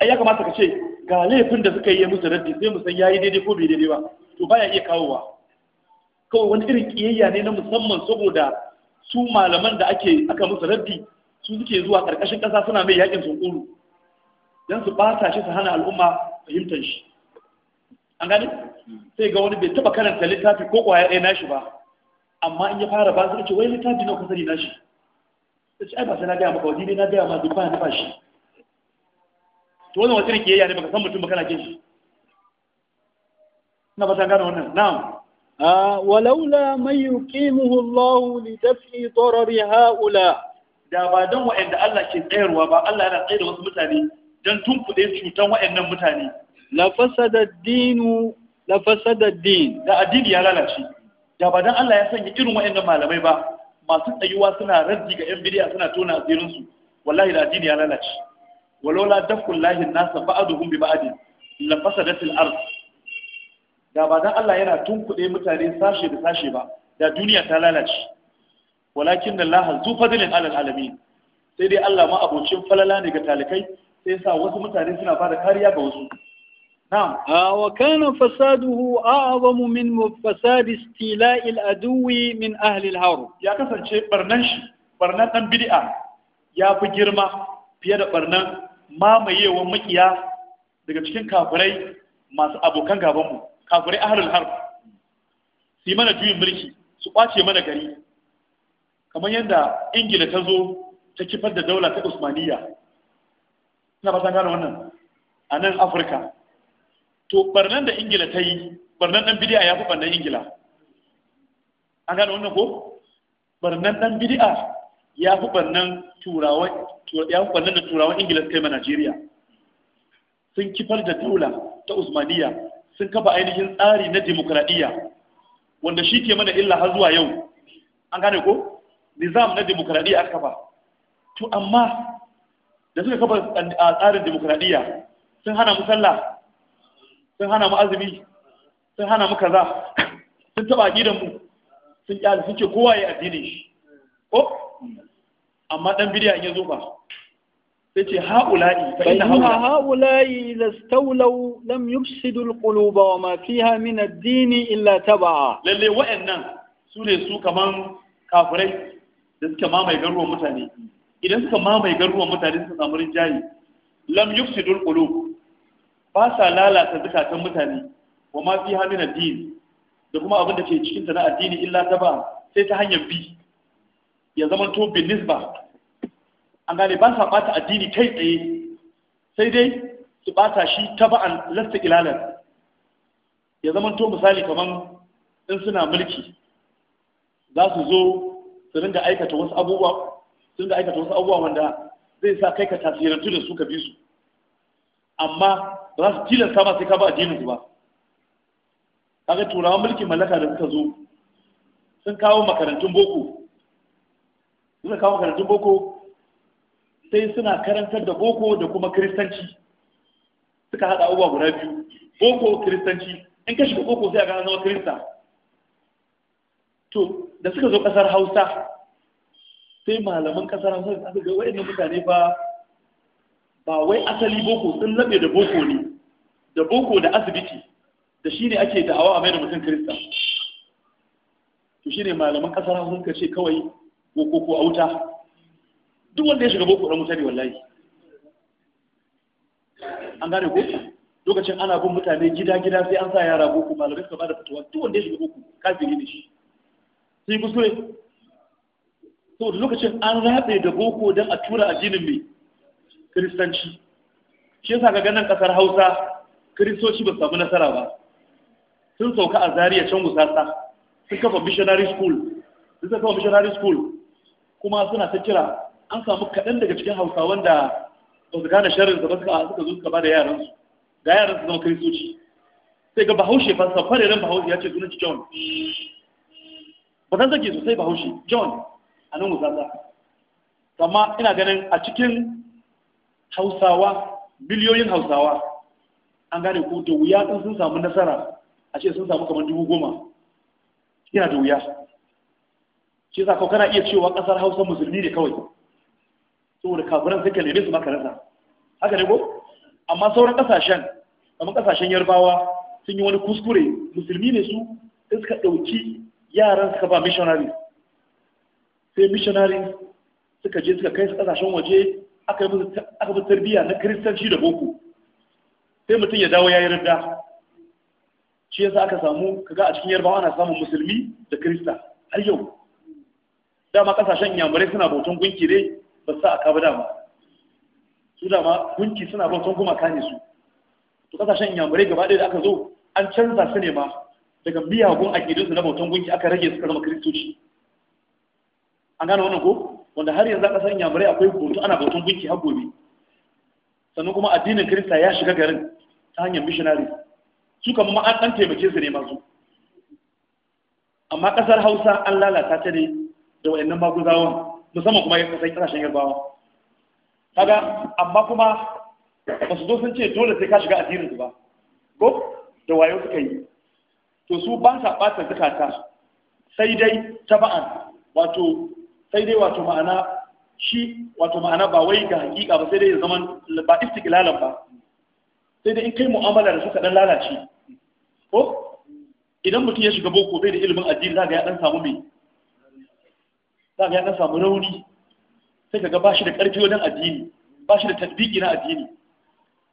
ai ya kamata ka ce ga laifin da suka yi musu ranti sai mu san yi daidai ko bai daidai ba to baya iya kawowa kawai wani irin kiyayya ne na musamman saboda su malaman da ake aka musu ranti su suke zuwa karkashin kasa suna mai yakin sunkuru don su ta shi su hana al'umma fahimtar shi an gani sai ga wani bai taɓa karanta littafi ko ƙwaya ɗaya nashi ba amma in ya fara ba zai ce wai littafi na kusa na shi ta ce ai ba sai na gaya maka wani ne na gaya ma duk ba na ba shi to wannan wata rike yaya ne baka san mutum ba kana kin shi ina ba ta gane wannan na'am walaula mai yuqimuhu Allah li daf'i darari haula da ba don wa'anda Allah ke tsayarwa ba Allah yana tsayar da wasu mutane don tunkuɗe cutan waɗannan mutane la fasada dinu la fasada din da addini ya lalace da ba dan Allah ya sanya irin waɗannan malamai ba masu tsayuwa suna raddi ga yan bidiya suna tona asirin su wallahi da addini ya lalace walola dafkul lahi nasa ba'aduhum bi ba'adin la fasadatil ard da ba dan Allah yana tunkuɗe mutane sashe da sashe ba da duniya ta lalace walakin Allah zu fadlin alal alamin sai dai Allah ma abocin falala ne ga talikai sai sa wasu mutane suna bada kariya ga wasu na'am ah, wa kana fasaduhu a'zamu min fasadi istila'il aduwi min ahli al ya kasance barnan shi barnan ɗan bid'a ya fi girma fiye da barnan mamayewan makiya daga cikin kafirai masu abokan gabanmu kafirai ahlul harb su Si mana juyin mulki su kwace mana gari kamar yadda ingila ta zo ta kifar da daula ta usmaniya na ba gane wannan a nan afirka to barnan da ingila ta yi barnan dan bidi'a ya fi barnan ingila an gane wannan ko barnan dan bidi'a ya fi barnan turawan ya fi barnan da turawan ingila suka yi ma najeriya sun kifar da daula ta usmaniya sun kafa ainihin tsari na demokradiyya wanda shi ke mana illa har zuwa yau an gane ko nizam na demokradiyya aka kafa to amma da suka kafa a tsarin demokradiyya sun hana mu sallah sun hana mu azumi sun hana mu kaza sun taba aqidan mu sun kyale sun ce kowa ya addini ko amma dan bidiya in ya zo fa sai ce haula'i fa inna haula'i lastawlaw lam yufsidu alquluba wa ma fiha min ad dini, illa tabaa lalle wa'annan su ne su kaman kafirai da suka mamaye garuwan mutane idan suka mamaye garuruwan mutane suka samu rinjaye lam yufsidul qulub ba sa lalata zakatan mutane wa ma fi hamina din da kuma abin da ke cikin ta na addini illa ta ba sai ta hanyar bi ya zama to bin nisba an gane ba sa bata addini kai tsaye sai dai su bata shi ba'an lasta ilalan ya zama to misali kaman in suna mulki za su zo su ringa aikata wasu abubuwa sun da aikata wasu abubuwa wanda zai sa kai ka tasirantu da su ka bi su amma ba za su tilasta masu sai ka ba addinin su ba kaga turawan mulkin mallaka da suka zo sun kawo makarantun boko suka kawo makarantun boko sai suna karantar da boko da kuma kiristanci suka haɗa abubuwa guda biyu boko kiristanci in ka shiga boko sai a gana zama kirista to da suka zo kasar hausa sai malaman kasar hausa aka ga wayannan mutane ba ba wai asali boko sun labe da boko ne da boko da asibiti da shine ake da a mai da mutum kirista to shine malaman kasar hausa suka ce kawai boko ko auta duk wanda ya shiga boko ran mutane wallahi an gane ko lokacin ana bin mutane gida-gida sai an sa yara boko malamai suka da fitowa duk wanda ya shiga boko kafiri ne shi sai kuskure so lokacin an rabe da boko don a tura a ginin mai kiristanci shi yasa ga ganin kasar hausa kiristoci ba samu nasara ba sun sauka a zariya can gusasa sun kafa missionary school sun kafa missionary school kuma suna ta kira an samu kaɗan daga cikin hausa da ba su gane shirin ba suka suka zo suka ba da yaransu ga yaransu zama kiristoci sai ga bahaushe fa yaran bahaushe ya ce sunan john ba san sake sosai bahaushe john a nan wuzasa amma ina ganin a cikin hausawa miliyoyin hausawa an gane ko da wuya sun sun samu nasara a ce sun samu kamar dubu goma yana da wuya shi yasa kawai kana iya cewa kasar hausa musulmi ne kawai saboda kafiran suka neme su maka rasa haka ne ko amma sauran kasashen kamar kasashen yarbawa sun yi wani kuskure musulmi ne su suka ɗauki yaran suka ba missionaries sai missionaries suka je suka kai su kasashen waje aka yi tarbiyya na kiristanci da boko sai mutum ya dawo ya yi rada. shi yasa aka samu kaga a cikin yarbawa ana samun musulmi da kirista har yau dama kasashen yamurai suna bautan gunki ne ba sa aka ba dama su dama gunki suna bautan kuma ne su to kasashen yamurai gaba ɗaya da aka zo an canza su ne ma daga miyagun akidunsu na bautan gunki aka rage suka zama kiristoci an gane wannan ko wanda har yanzu a ƙasar yamurai akwai hoto ana bautan gunki har gobe sannan kuma addinin kirista ya shiga garin ta hanyar missionary su kama ma an taimake su ne masu amma ƙasar hausa an lalata ta ne da waɗannan maguzawan musamman kuma sai ƙasashen yarbawa kaga amma kuma ba su zo sun ce dole sai ka shiga addinin su ba ko da wayo suka yi to su ba sa ɓata zukata sai dai taba'an wato sai dai wato ma'ana shi wato ma'ana ba wai ga hakika ba sai dai ya zama ba istiqlalan ba sai dai in kai mu'amala da suka dan lalace ko idan mutum ya shiga boko bai da ilimin addini zaka ya dan samu me zaka ya dan samu rauni sai kaga ba shi da karfi wajen addini ba shi da tadbiki na addini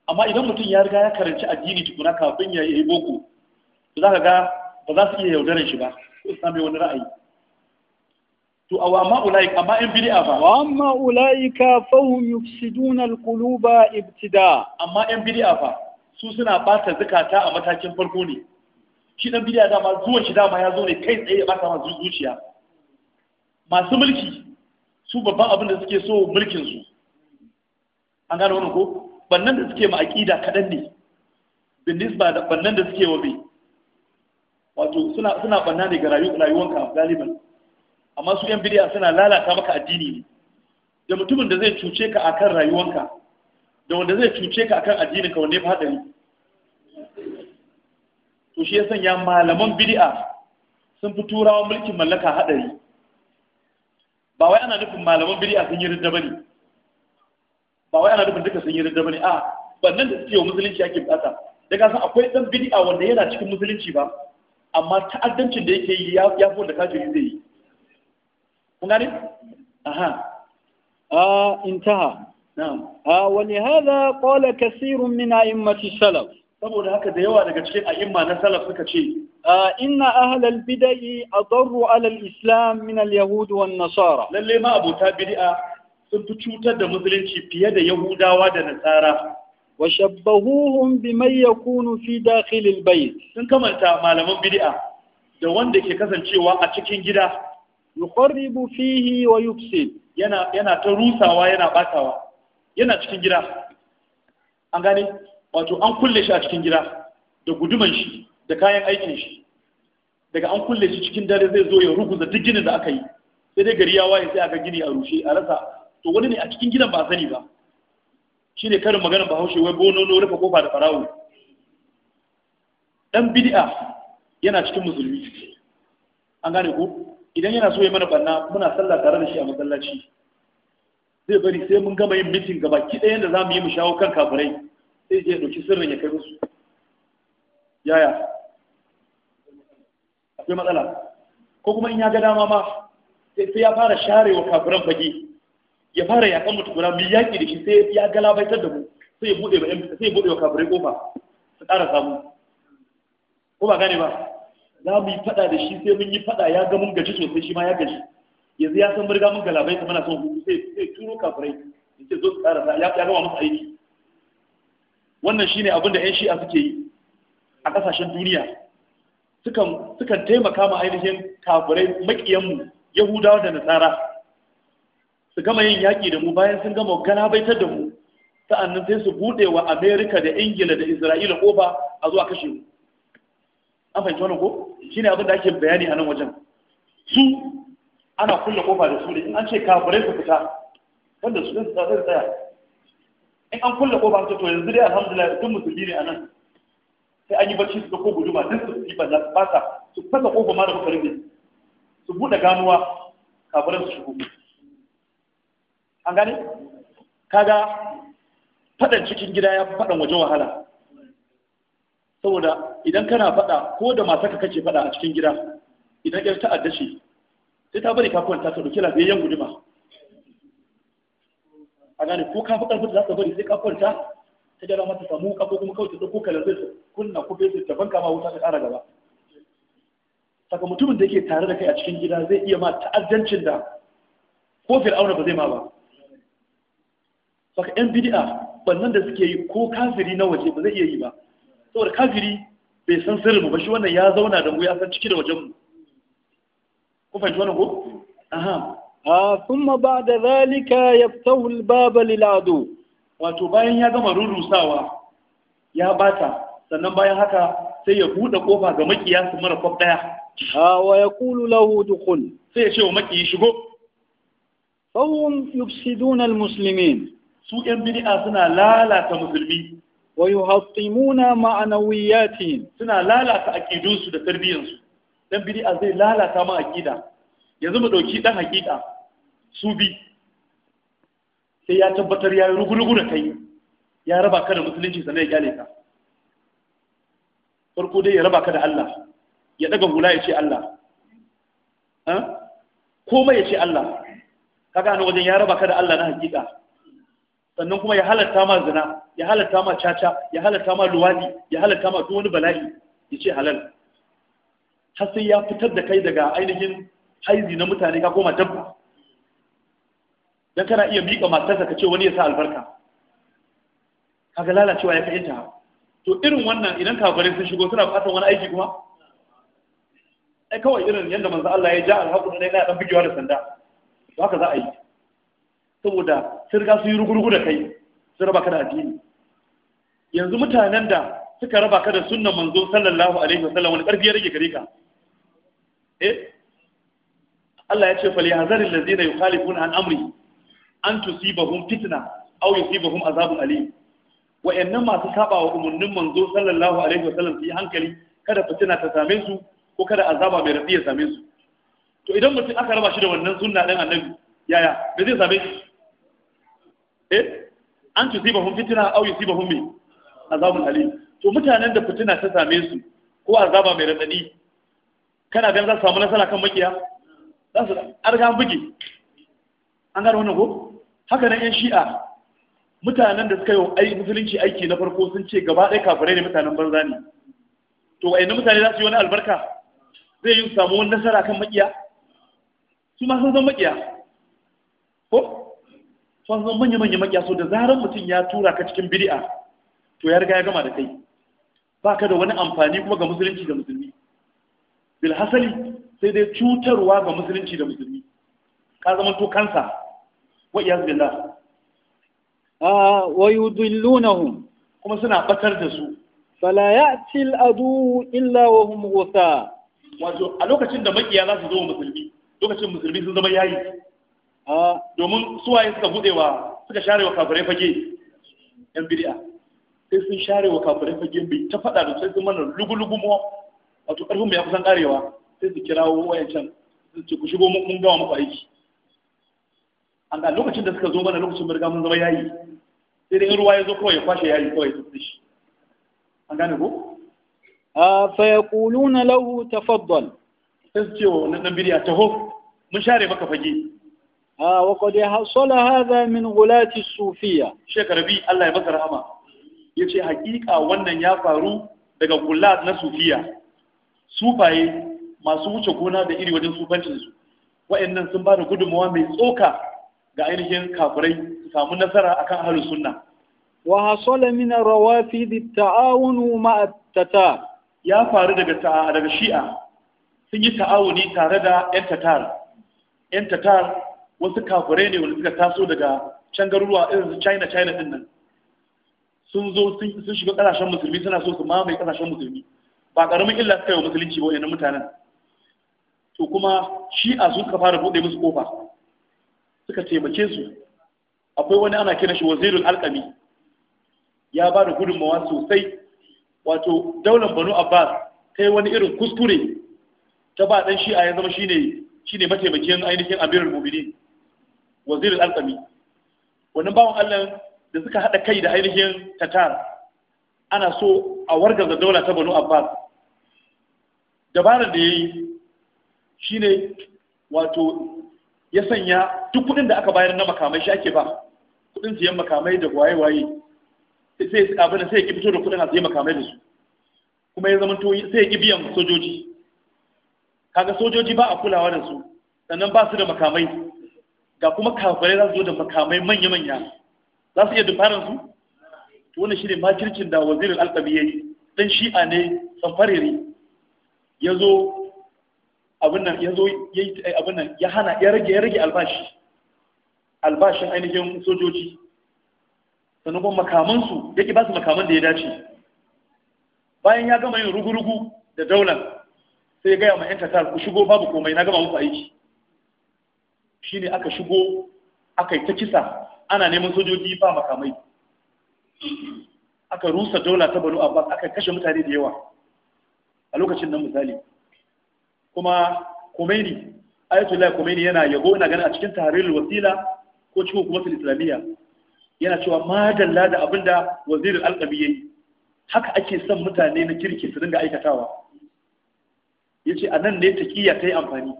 amma idan mutum ya riga ya karanci addini tukuna kafin ya yi boko to zaka ga ba za su iya yaudaran shi ba ko su same wani ra'ayi to a wama ulaika amma in bid'a ba wa amma ulaika hum yufsiduna alquluba ibtida amma in bid'a ba su suna bata zakata a matakin farko ne shi dan bid'a dama zuwa shi dama ya zo ne kai tsaye ya bata ma zuciya masu mulki su babban abin da suke so mulkin su an gane wannan ko bannan da suke ma aqida kadan ne bin da bannan da suke wa wato suna suna banna ne ga rayuwar ka galiban amma su yan bidiya suna lalata maka addini ne da mutumin da zai cuce ka akan rayuwanka da wanda zai cuce ka akan addinin ka wanda ya fi hadari to shi ya sanya malaman bidi'a sun fi turawa mulkin mallaka hadari ba wai ana nufin malaman bidi'a sun yi ridda bane ba wai ana nufin duka sun yi ridda bane a bannan da suke wa musulunci ake bukata da ka san akwai dan bidi'a wanda yana cikin musulunci ba amma ta'addancin da yake yi ya fi wanda kafiri zai yi kun gane aha a intaha a wani hada qala kasirun min a'immati salaf saboda haka da yawa daga cikin a'imma na salaf suka ce inna ahlal bid'i adarru ala al-islam min al-yahud wan nasara lalle ma abota bid'a sun fi cutar da musulunci fiye da yahudawa da nasara wa shabbahuhum biman yakunu fi dakhil al-bayt sun kamanta malaman bid'a da wanda ke kasancewa a cikin gida yukharribu fihi wa yufsid yana yana ta rusawa yana batawa yana cikin gida an gane wato an kulle shi a cikin gida da guduman shi da kayan aikin shi daga an kulle shi cikin dare zai zo ya ruguza duk ginin da aka yi sai dai gari ya waye sai aka gini a rushe a rasa to wani ne a cikin gidan ba sani ba shine karin maganar bahaushe wai bonono rufe kofa da farawo dan bid'a yana cikin musulmi an gane ko idan yana so ya mana banna muna sallah tare da shi a masallaci zai bari sai mun gama yin mitin gaba ki ɗayan da za mu yi mu shawo kan kafirai sai je ɗauki sirrin ya kai musu yaya akwai matsala ko kuma in ya ga dama ma sai ya fara sharewa kafiran fage ya fara yakan mutu guda mu yaƙi da shi sai ya galabaitar da mu sai ya buɗe wa kafirai kofa su ƙara samu ko ba gane ba za mu yi faɗa da shi sai mun yi faɗa ya ga mun gaji sosai shi ma ya gaji yanzu ya san burga mun galabai kuma na son hutu sai turo kafirai yace zo tsara sa, ya gama musu aiki wannan shine abin da 'yan shi'a suke yi a ƙasashen duniya sukan sukan taimaka mu ainihin kafirai mu yahudawa da nasara su gama yin yaƙi da mu bayan sun gama galabaitar da mu sa'annan sai su buɗe wa amerika da ingila da isra'ila ƙofa a zuwa kashe mu an fahimci wannan ko shi abin da ake bayani a nan wajen su ana kulle kofa da su ne in an ce kafirai su fita wanda su zai tsaye tsaya in an kulle kofa ta to yanzu dai alhamdulillah duk musulmi ne a nan sai an yi barci su ko guduma duk su yi banza fasa su fasa kofa ma da mutane rufe su buɗe ganuwa kafirai su shigo an gane kaga faɗan cikin gida ya faɗan wajen wahala saboda idan kana faɗa ko da matarka kake faɗa a cikin gida idan ƴar ta'adda ce sai ta bari ka kwanta ta dauki lafiyayyen guduma a gane ko ka fi za ta bari sai ka ta ta gara mata samu kuma kawai ta ɗauko kalar zai kunna ko bai ta banka ma wuta ta ƙara gaba saka mutumin da ke tare da kai a cikin gida zai iya ma ta'addancin da ko fir'auna ba zai ma ba saka yan bid'a bannan da suke yi ko kafiri na waje ba zai iya yi ba saboda kafiri bai san sirrinmu ba shi wannan ya zauna da mu ya san ciki da wajenmu Ku fahimci wannan ko aha da بعد ya يفتح الباب للعدو wato bayan ya gama rurrusawa ya bata sannan bayan haka sai ya buɗe kofa ga makiya su mara kwaf daya ah, wa yaqulu lahu dukhul sai ya ce wa makiyi shigo fahum yufsiduna almuslimin su yan bid'a suna lalata musulmi wa yuhattimuna ma'anawiyatihim suna lalata aƙidunsu da tarbiyyansu dan bid'a zai lalata ma aƙida yanzu mu ɗauki ɗan hakika su bi sai ya tabbatar ya yi rugurugu da kai ya raba ka da musulunci sannan ya gyale ka farko dai ya raba ka da Allah ya ɗaga hula ya ce Allah komai ya ce Allah Ka gane wajen ya raba ka da Allah na hakika sannan kuma ya halatta ma zina ya halatta ma caca ya halatta ma luwadi ya halatta ma duk wani bala'i ya ce halal har sai ya fitar da kai daga ainihin haizi na mutane ka koma dabba dan kana iya miƙa matarsa ka ce wani ya sa albarka kaga lalacewa ya fahimta to irin wannan idan kafirai sun shigo suna fatan wani aiki kuma ai kawai irin yadda manzo Allah ya ja alhaqu ne na dan bigewa da sanda to haka za a yi saboda sun riga su yi rugurgu da kai su raba ka da addini yanzu mutanen da suka raba ka da sunnan manzo sallallahu alaihi wasallam wani karfi ya rage gare ka eh Allah ya ce fal yahzaril ladina yukhalifuna an amri an tusibahum fitna aw yusibahum azabun alim wayannan masu saba wa umarnin manzo sallallahu alaihi wasallam su yi hankali kada fitina ta same su ko kada azaba mai rafi ya same su to idan mutum aka raba shi da wannan sunna din annabi yaya me zai same shi eh an tusibahum fitna aw mai a azabun hali. to mutanen da fitina ta same su ko azaba mai radadi kana ganin za su samu nasara kan makiya za su arga buge an gano wannan ko haka nan yan shi'a mutanen da suka yi ai musulunci aiki na farko sun ce gaba ɗaya kafirai ne mutanen banza ne to wa'ina mutane za su yi wani albarka zai yi samu wani nasara kan makiya su ma sun san makiya ko sun san manya manya makiya so da zarar mutum ya tura ka cikin bid'a to ya riga ya gama da kai Ba ka da wani amfani kuma ga musulunci da musulmi bil hasali sai dai cutarwa ga musulunci da musulmi ka zama to kansa wa iyaz billah a ah, wa yudillunahum kuma suna batar da su fala ya'ti al-adu illa wa hum ghusa wato a lokacin da makiya za su zo musulmi lokacin musulmi sun zama yayi domin suwaye suka budewa suka share wa kafirai fage yan bidiya sai sun share wa kafirai fage bai ta faɗa da sai sun mana lugu-lugu mu wato karfin bai kusan ƙarewa sai su kirawo wayancan su ce ku shigo mun gama muku aiki an ga lokacin da suka zo mana lokacin birga mun zama yayi sai dai ruwa ya zo kawai ya kwashe yayi kawai su shi an gane ko fa yaquluna lahu tafaddal sai su ce wa nan bidiya taho mun share maka fage وقد حصل هذا sufiya. غلاة biyu, Allah Ya الله rahama. Ya yace hakika wannan ya faru daga gulat na sufiya sufaye masu wuce gona da iri wajen sufancin su nan sun bada gudunmawa mai tsoka ga ainihin kafirai su samu nasara akan halin sunna wa hasala min rawafid at-ta'awun ma ya faru daga shi'a sun yi ta'awuni tare da yan tatar wasu kafirai ne wanda suka taso daga can garuruwa irin su china china din nan sun zo sun shiga kasashen musulmi suna so su mamaye kasashen musulmi ba karamin illa suka yi wa musulunci ba wani mutanen to kuma shi'a sun kafa fara bude musu kofa suka taimake su akwai wani ana kiran shi wazirin alkami ya ba da gudunmawa sosai wato daular banu abbas ta yi wani irin kuskure ta ba dan shi'a ya zama shine shine mataimakin ainihin amirul mu'minin wazirin alƙami wannan bawan allah da suka haɗa kai da ainihin tatar ana so a wargaza daula ta banu abbas dabarar da ya yi shine wato ya sanya duk kudin da aka bayar na makamai shi ake ba kudin siyan makamai da waye-waye sai abin da sai ya ki fito da kudin a siyan makamai da su kuma ya zamanto sai ya ki biyan sojoji kaga sojoji ba a kulawa da su sannan ba su da makamai da kuma kafirai za su zo da makamai manya-manya za su iya dufarin su to wannan shine makircin da wazirin ya yayi dan shi'a ne Ya yazo abin nan yazo yayi abin nan ya hana ya rage ya rage albashi albashin ainihin sojoji sannan kuma makaman su yake ba su makaman da ya dace bayan ya gama yin rugurugu da daular sai ya gaya ma yan tatar ku shigo babu komai na gama muku aiki ne aka shigo aka yi ta kisa ana neman sojoji ba makamai aka rusa dola ta banu abbas aka kashe mutane da yawa a lokacin nan misali kuma Khomeini ayatollah Khomeini yana yabo ina ganin a cikin tarihin wasila ko cikin hukumar islamiyya yana cewa madalla da abinda wazirin ya yi haka ake son mutane na kirki su dinga aikatawa Ya ce a nan ne ƙiya ta yi amfani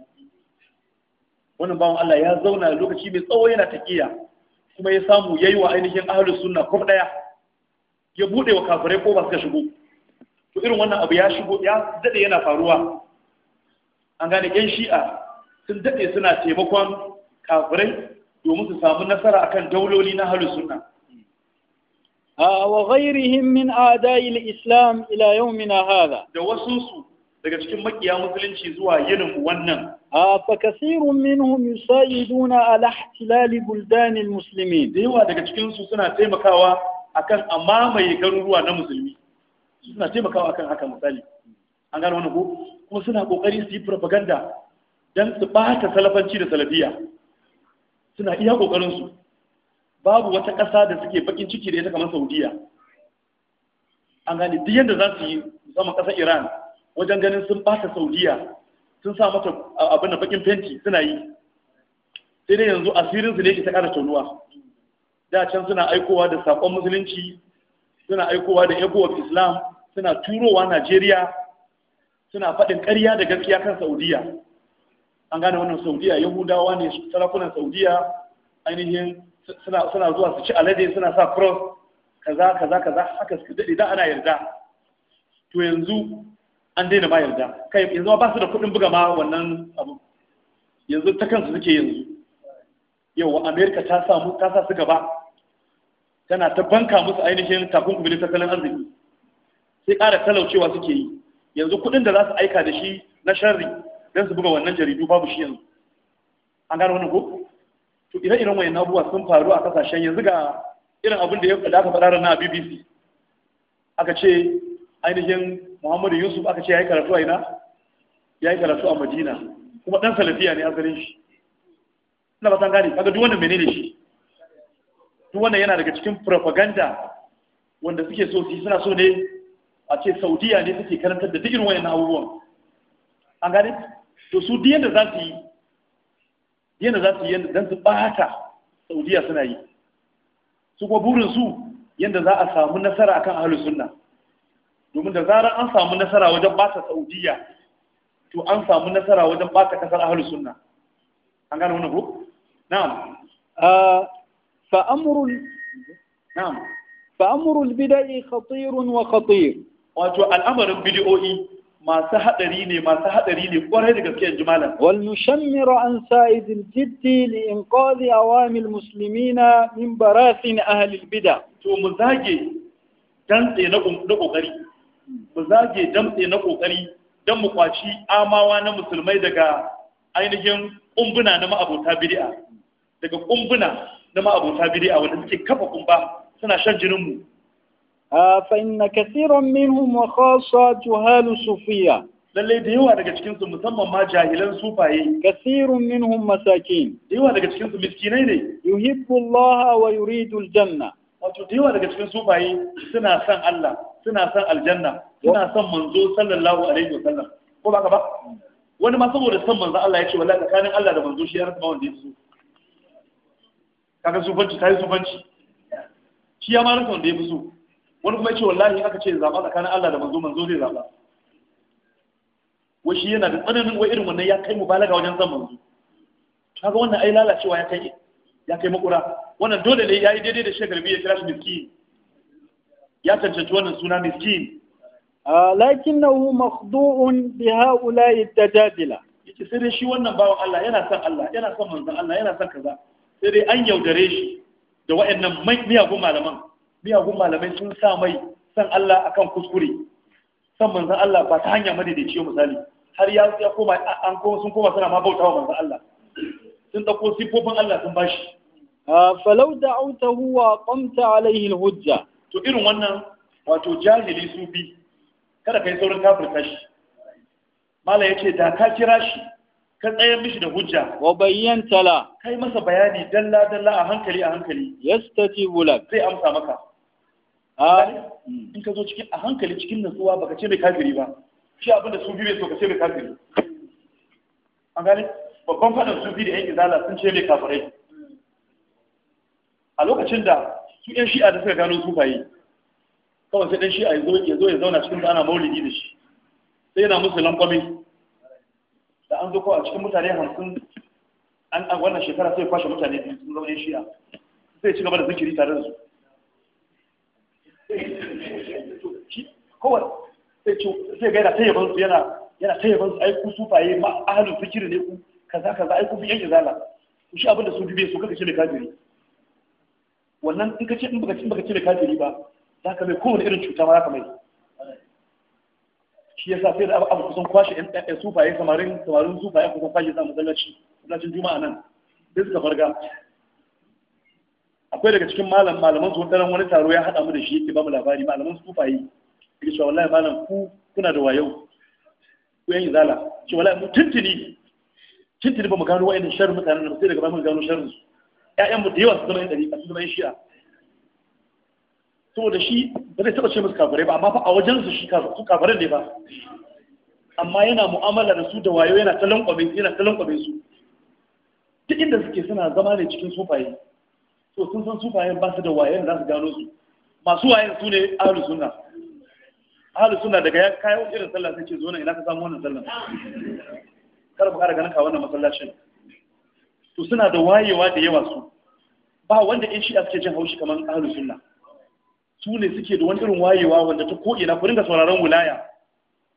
wannan bawan Allah ya zauna lokaci mai tsawo yana taqiya kuma ya samu yayi wa ainihin ahlus sunna kof ɗaya. ya buɗewa wa kafirai ko ba suka shigo to irin wannan abu ya shigo ya daɗe yana faruwa an gane yan shi'a sun daɗe suna taimakon kafirai domin su samu nasara akan dauloli na wa sunna وغيرهم من أعداء الإسلام إلى يومنا هذا. da wasu su daga cikin makiya musulunci zuwa yinin wannan A kasirun minhum yusayiduna ala ihtilal buldan almuslimin da yawa daga cikin su suna taimakawa akan amamaye garuruwa na musulmi suna taimakawa akan haka misali an gano wannan ko kuma suna kokari su yi propaganda dan su baka salafanci da salafiya suna iya kokarin su babu wata ƙasa da suke bakin ciki da ita kamar Saudiya an gane duk yadda za su yi musamman ƙasar Iran wajen ganin sun bata saudiya sun sa mata abin da bakin fenti suna yi sai dai yanzu asirin su ne ke ta kara tonuwa da can suna aikowa da sakon musulunci suna aikowa da eco of islam suna turowa najeriya suna faɗin ƙarya da gaskiya kan saudiya an gane wannan saudiya yahudawa ne sarakunan saudiya ainihin suna zuwa su ci alade suna sa cross kaza kaza kaza haka su daɗe da ana yarda to yanzu an daina ma yarda kai yanzu ba su da kuɗin buga ma wannan abu yanzu ta kansu suke yanzu yawa amerika ta samu ta sa su gaba tana ta banka musu ainihin takunkumi na tattalin arziki sai ƙara talaucewa suke yi yanzu kuɗin da za su aika da shi na sharri don su buga wannan jaridu babu shi yanzu an gano wani ko to ire iren wayan abubuwa sun faru a kasashen yanzu ga irin abin da ya ka faɗa na BBC aka ce ainihin muhammadu yusuf aka ce ya yi karatu a ina ya yi karatu a madina kuma ɗan salafiya ne asalin shi ina ba san gane kaga duk wanda menene shi duk wanda yana daga cikin propaganda wanda suke so su yi suna so ne a ce saudiya ne suke karantar da duk irin wayannan abubuwan an gani to su diyan da za su yi diyan da za su yi dan su bata saudiya suna yi su kuma burin su yanda za a samu nasara akan ahlus sunna domin da zarar an samu nasara wajen bata saudiya to an samu nasara wajen bata kasar ahlus sunna an gane wannan ko na'am fa amrul na'am fa amrul bid'i khatir wa khatir wato al'amarin bid'o'i masu hadari ne masu hadari ne kwarai da gaske jimalan wal nushammiru an sa'id al jiddi li inqadhi awamil muslimina min barasin ahli al bid'a to mu zage dan tsaye na kokari mu zage damtse na kokari don mu kwaci amawa na musulmai daga ainihin kumbuna na ma'abota bid'a daga kumbuna na ma'abota bid'a wanda suke kafa kumba suna shan jinin mu fa inna kaseeran minhum wa khassa juhalu sufiya lallai da yawa daga cikin su musamman ma jahilan sufaye kaseerun minhum masakin da yawa daga cikin su miskinai ne yuhibbu Allah wa yuridu al-janna wato da yawa daga cikin sufaye suna son Allah suna son aljanna suna son manzo sallallahu alaihi wa sallam ko ba ka ba wani ma saboda son manzo Allah ya ce wallahi tsakanin Allah da manzo shi ya rasa wanda ya so kaga sufanci tayi sufanci shi ya ma rasa wanda ya fi so wani kuma ya ce wallahi aka ce zaba tsakanin Allah da manzo manzo zai zaba wai shi yana da tsananin wai irin wannan ya kai mubalaga wajen son manzo kaga wannan ai lalacewa ya kai ya kai makura wannan dole ne yayi daidai da shekarbi ya kira shi miskin ya cancanci wannan suna miskin ah, lakinnahu makhdu'un bi ha'ula'i tajadila yace sai dai shi wannan bawan Allah yana son Allah yana son manzon Allah yana son kaza sai dai an yaudare shi da waɗannan miyagun malaman miyagun malamai sun sa mai son Allah akan kuskure son manzon Allah ba ta hanya madaidaiciyo misali har ya ya koma an ko sun koma suna ma bautawa manzon Allah sun dauko siffofin Allah sun bashi ah, falau Auta huwa qamta alaihi hujja. to irin wannan wato jahili su bi kada ka yi saurin kafirta shi malam ya ce da ka kira shi ka tsayar mishi da hujja wa bayyan tala kai masa bayani dalla dalla a hankali a hankali yastati bula zai amsa maka hmm. in ka zo cikin a hankali cikin nutsuwa baka ce mai kafiri ba shi abin da sufi bai so ka ce mai kafiri an gane babban faɗin sufi da yan izala sun ce mai kafirai a lokacin da shi ɗan shi'a da suka gano sufaye kawai sai ɗan shi'a ya zo ya zauna cikin ana maulidi da shi sai yana musu lankwame da an zo a cikin mutane hamsin an wannan shekara sai kwashe mutane biyu sun zaune shi'a zai ci gaba da zikiri tare da su kawai sai ce zai gaida ta ban su yana yana ta ban su aiku sufaye ma ahalin zikiri ne ku kaza kaza aiku bi yan izala shi abinda sun dube su kaga shi ne kafiri wannan in ka ce in baka in baka cire kafiri ba za ka mai kowane irin cuta ma za ka mai shi yasa sai da abu kusan kwashe ɗan sufaye samarin samarin sufaye kusan kwashe za mu zallaci masallacin juma'a nan sai suka farga akwai daga cikin malam malaman su wani wani taro ya haɗa mu da shi yake ba mu labari malaman sufaye yake cewa wallahi malam ku kuna da wayo ku yan izala ce wallahi mu tuntuni tuntuni ba mu gano wa'annan sharri mutanen da sai daga ba mu gano sharri su ƴaƴan mu da yawa su zama yin dariƙa su zama yin shi'a saboda shi ba zai taɓa ce musu kafirai ba amma fa a wajen su shi su kafirai ne ba amma yana mu'amala da su da wayo yana ta lankwame yana talon lankwame su duk inda suke suna zama ne cikin sufaye to sun san sufaye ba su da da za su gano su masu wayen su ne ahlus sunna ahlus sunna daga ya kayan irin sallah sai ce zo nan ina ka samu wannan sallah kar ka daga nan ka wannan masallacin to suna da wayewa da yawa su ba wanda in shi'a suke jin haushi kamar ahlus sunna su ne suke da wani irin wayewa wanda ta ko ina ku dinga sauraron wilaya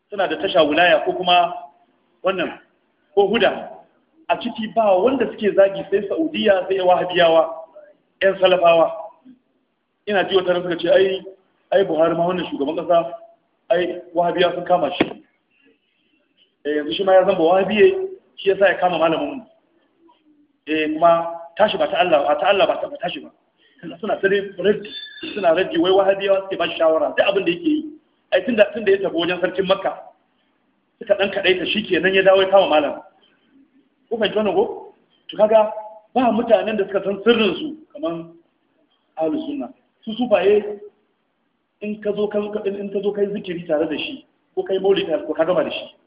suna da tasha wilaya ko kuma wannan ko huda a ciki ba wanda suke zagi sai saudiya sai wahabiyawa yan salafawa ina ji wata suka ce ai ai buhari ma wannan shugaban kasa ai wahabiya sun kama shi eh, yanzu shi ma ya zamba wahabiye shi yasa ya kama malamin mu eh kuma tashi ba ta Allah ba, ta Allah ba ta tashi ba suna sare raddi suna raddi wai wahabiyawa suke ba shawara duk abin da yake yi ai tunda tunda ya tafi wajen sarkin makka suka dan kadai ta nan ya dawo ya kama malam ko fahimci wannan go, to kaga ba mutanen da suka san sirrin su kaman ahlus sunna su sufaye in ka zo in ka zo kai zikiri tare da shi ko kai maulidi ko ka gama da shi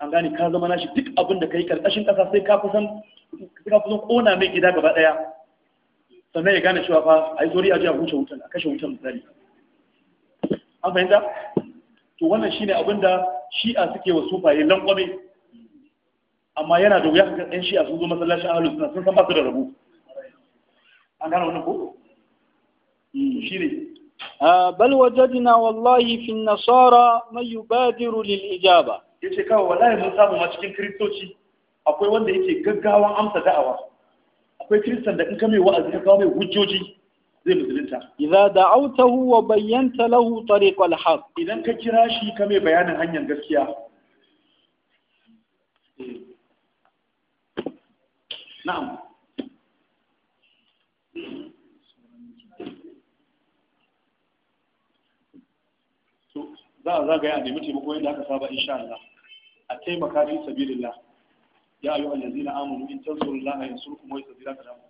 an gane ka zama nashi duk abin da kai karkashin kasa sai ka kusan ka kusan kona mai gida gaba daya sannan ya gane cewa fa ai zori a ji a huce wutan a kashe wutan misali an fahimta to wannan shine abin da shi'a suke wa sufaye lankwame amma yana da wuya ka ɗan shi'a sun zo masallacin ahlus sunna sun san ba su da rabu an gane wannan ko hmm, shine بل وجدنا والله في النصارى من يبادر للإجابة ya ce kawai wallahi mun samu ma cikin kiristoci akwai wanda yake gaggawan amsa da'awa akwai kiristan da in ka mai wa'azi ka kawo mai hujjoji zai musulunta da auta huwa bayyanta lahu tariq haq idan ka kira shi ka mai bayanin hanyar gaskiya na'am za a zagaya a nemi taimako yadda aka saba insha Allah a taimaka fi sabilillah ya ayyuhal ladzina amanu in tansurullaha yansurkum wa yusabbir lakum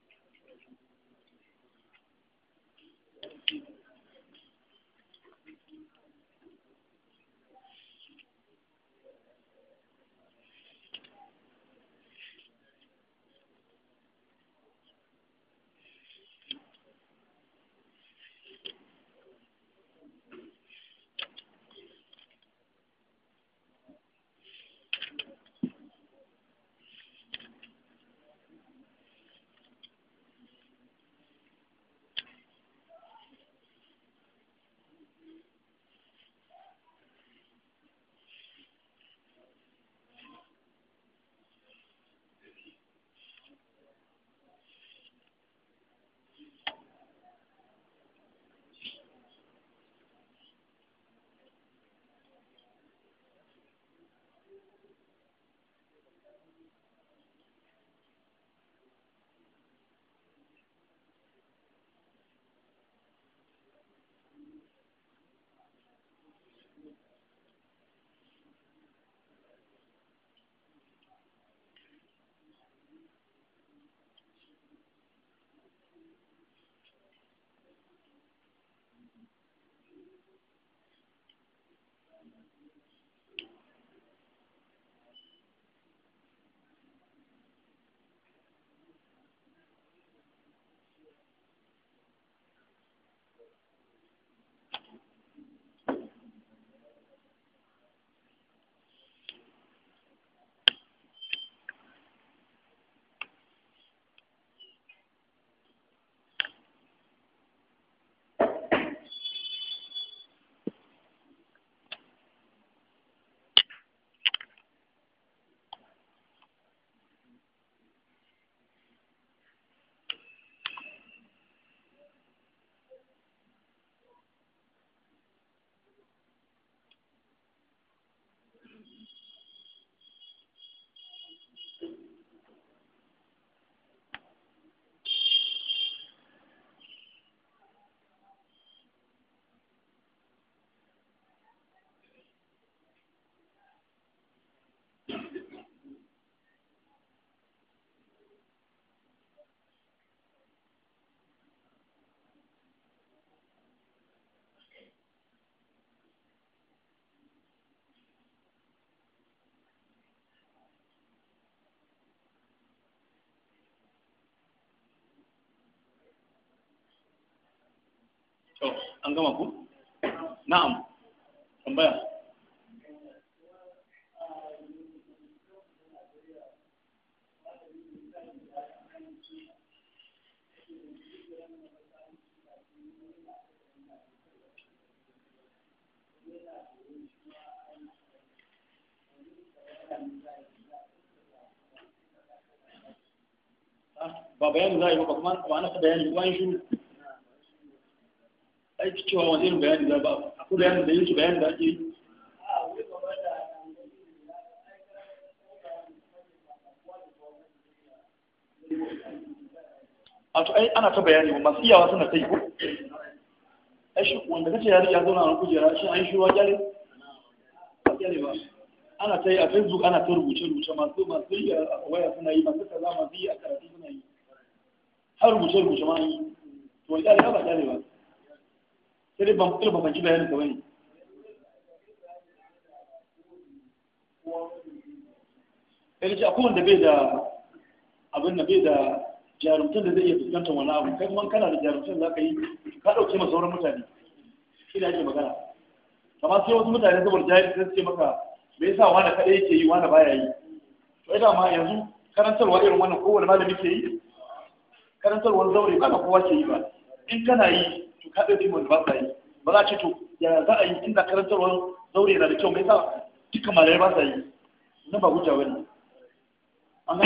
to an gama ku na'am tambaya ba yi kuma ba na shi aiki cewa wani irin bayani za ba akwai bayanin da yake bayanin da ake yi a to ai ana ta bayani masu iyawa suna ta yi ko ai wanda kace yari ya zauna na kujera shi an shi ruwa gyale ba gyale ana ta yi a facebook ana ta rubuce rubuce masu masu yi a waya suna yi masu kaza masu yi a karatu suna yi har rubuce rubuce ma yi to gyale ba gyale ba sai dai ban kula ban ji bayanin ka bane kai ce akwai wanda bai da abin da bai da jarumtar da zai iya fuskantar wani abu kai kuma kana da jarumtar da ka yi ka ɗauke ma sauran mutane shi da ake magana amma sai wasu mutane saboda jahil sai ce maka me yasa wani kaɗai yake yi wani baya yi to ita ma yanzu karantarwa irin wannan kowane malami ke yi karantarwar zaure ba kowa ke yi ba in kana yi to ka ɗauki wanda ba sa yi ba za ce to ya za a yi tun da karantarwar zaure na da kyau mai sa duka malamai ba sa yi na ba hujja bane an ga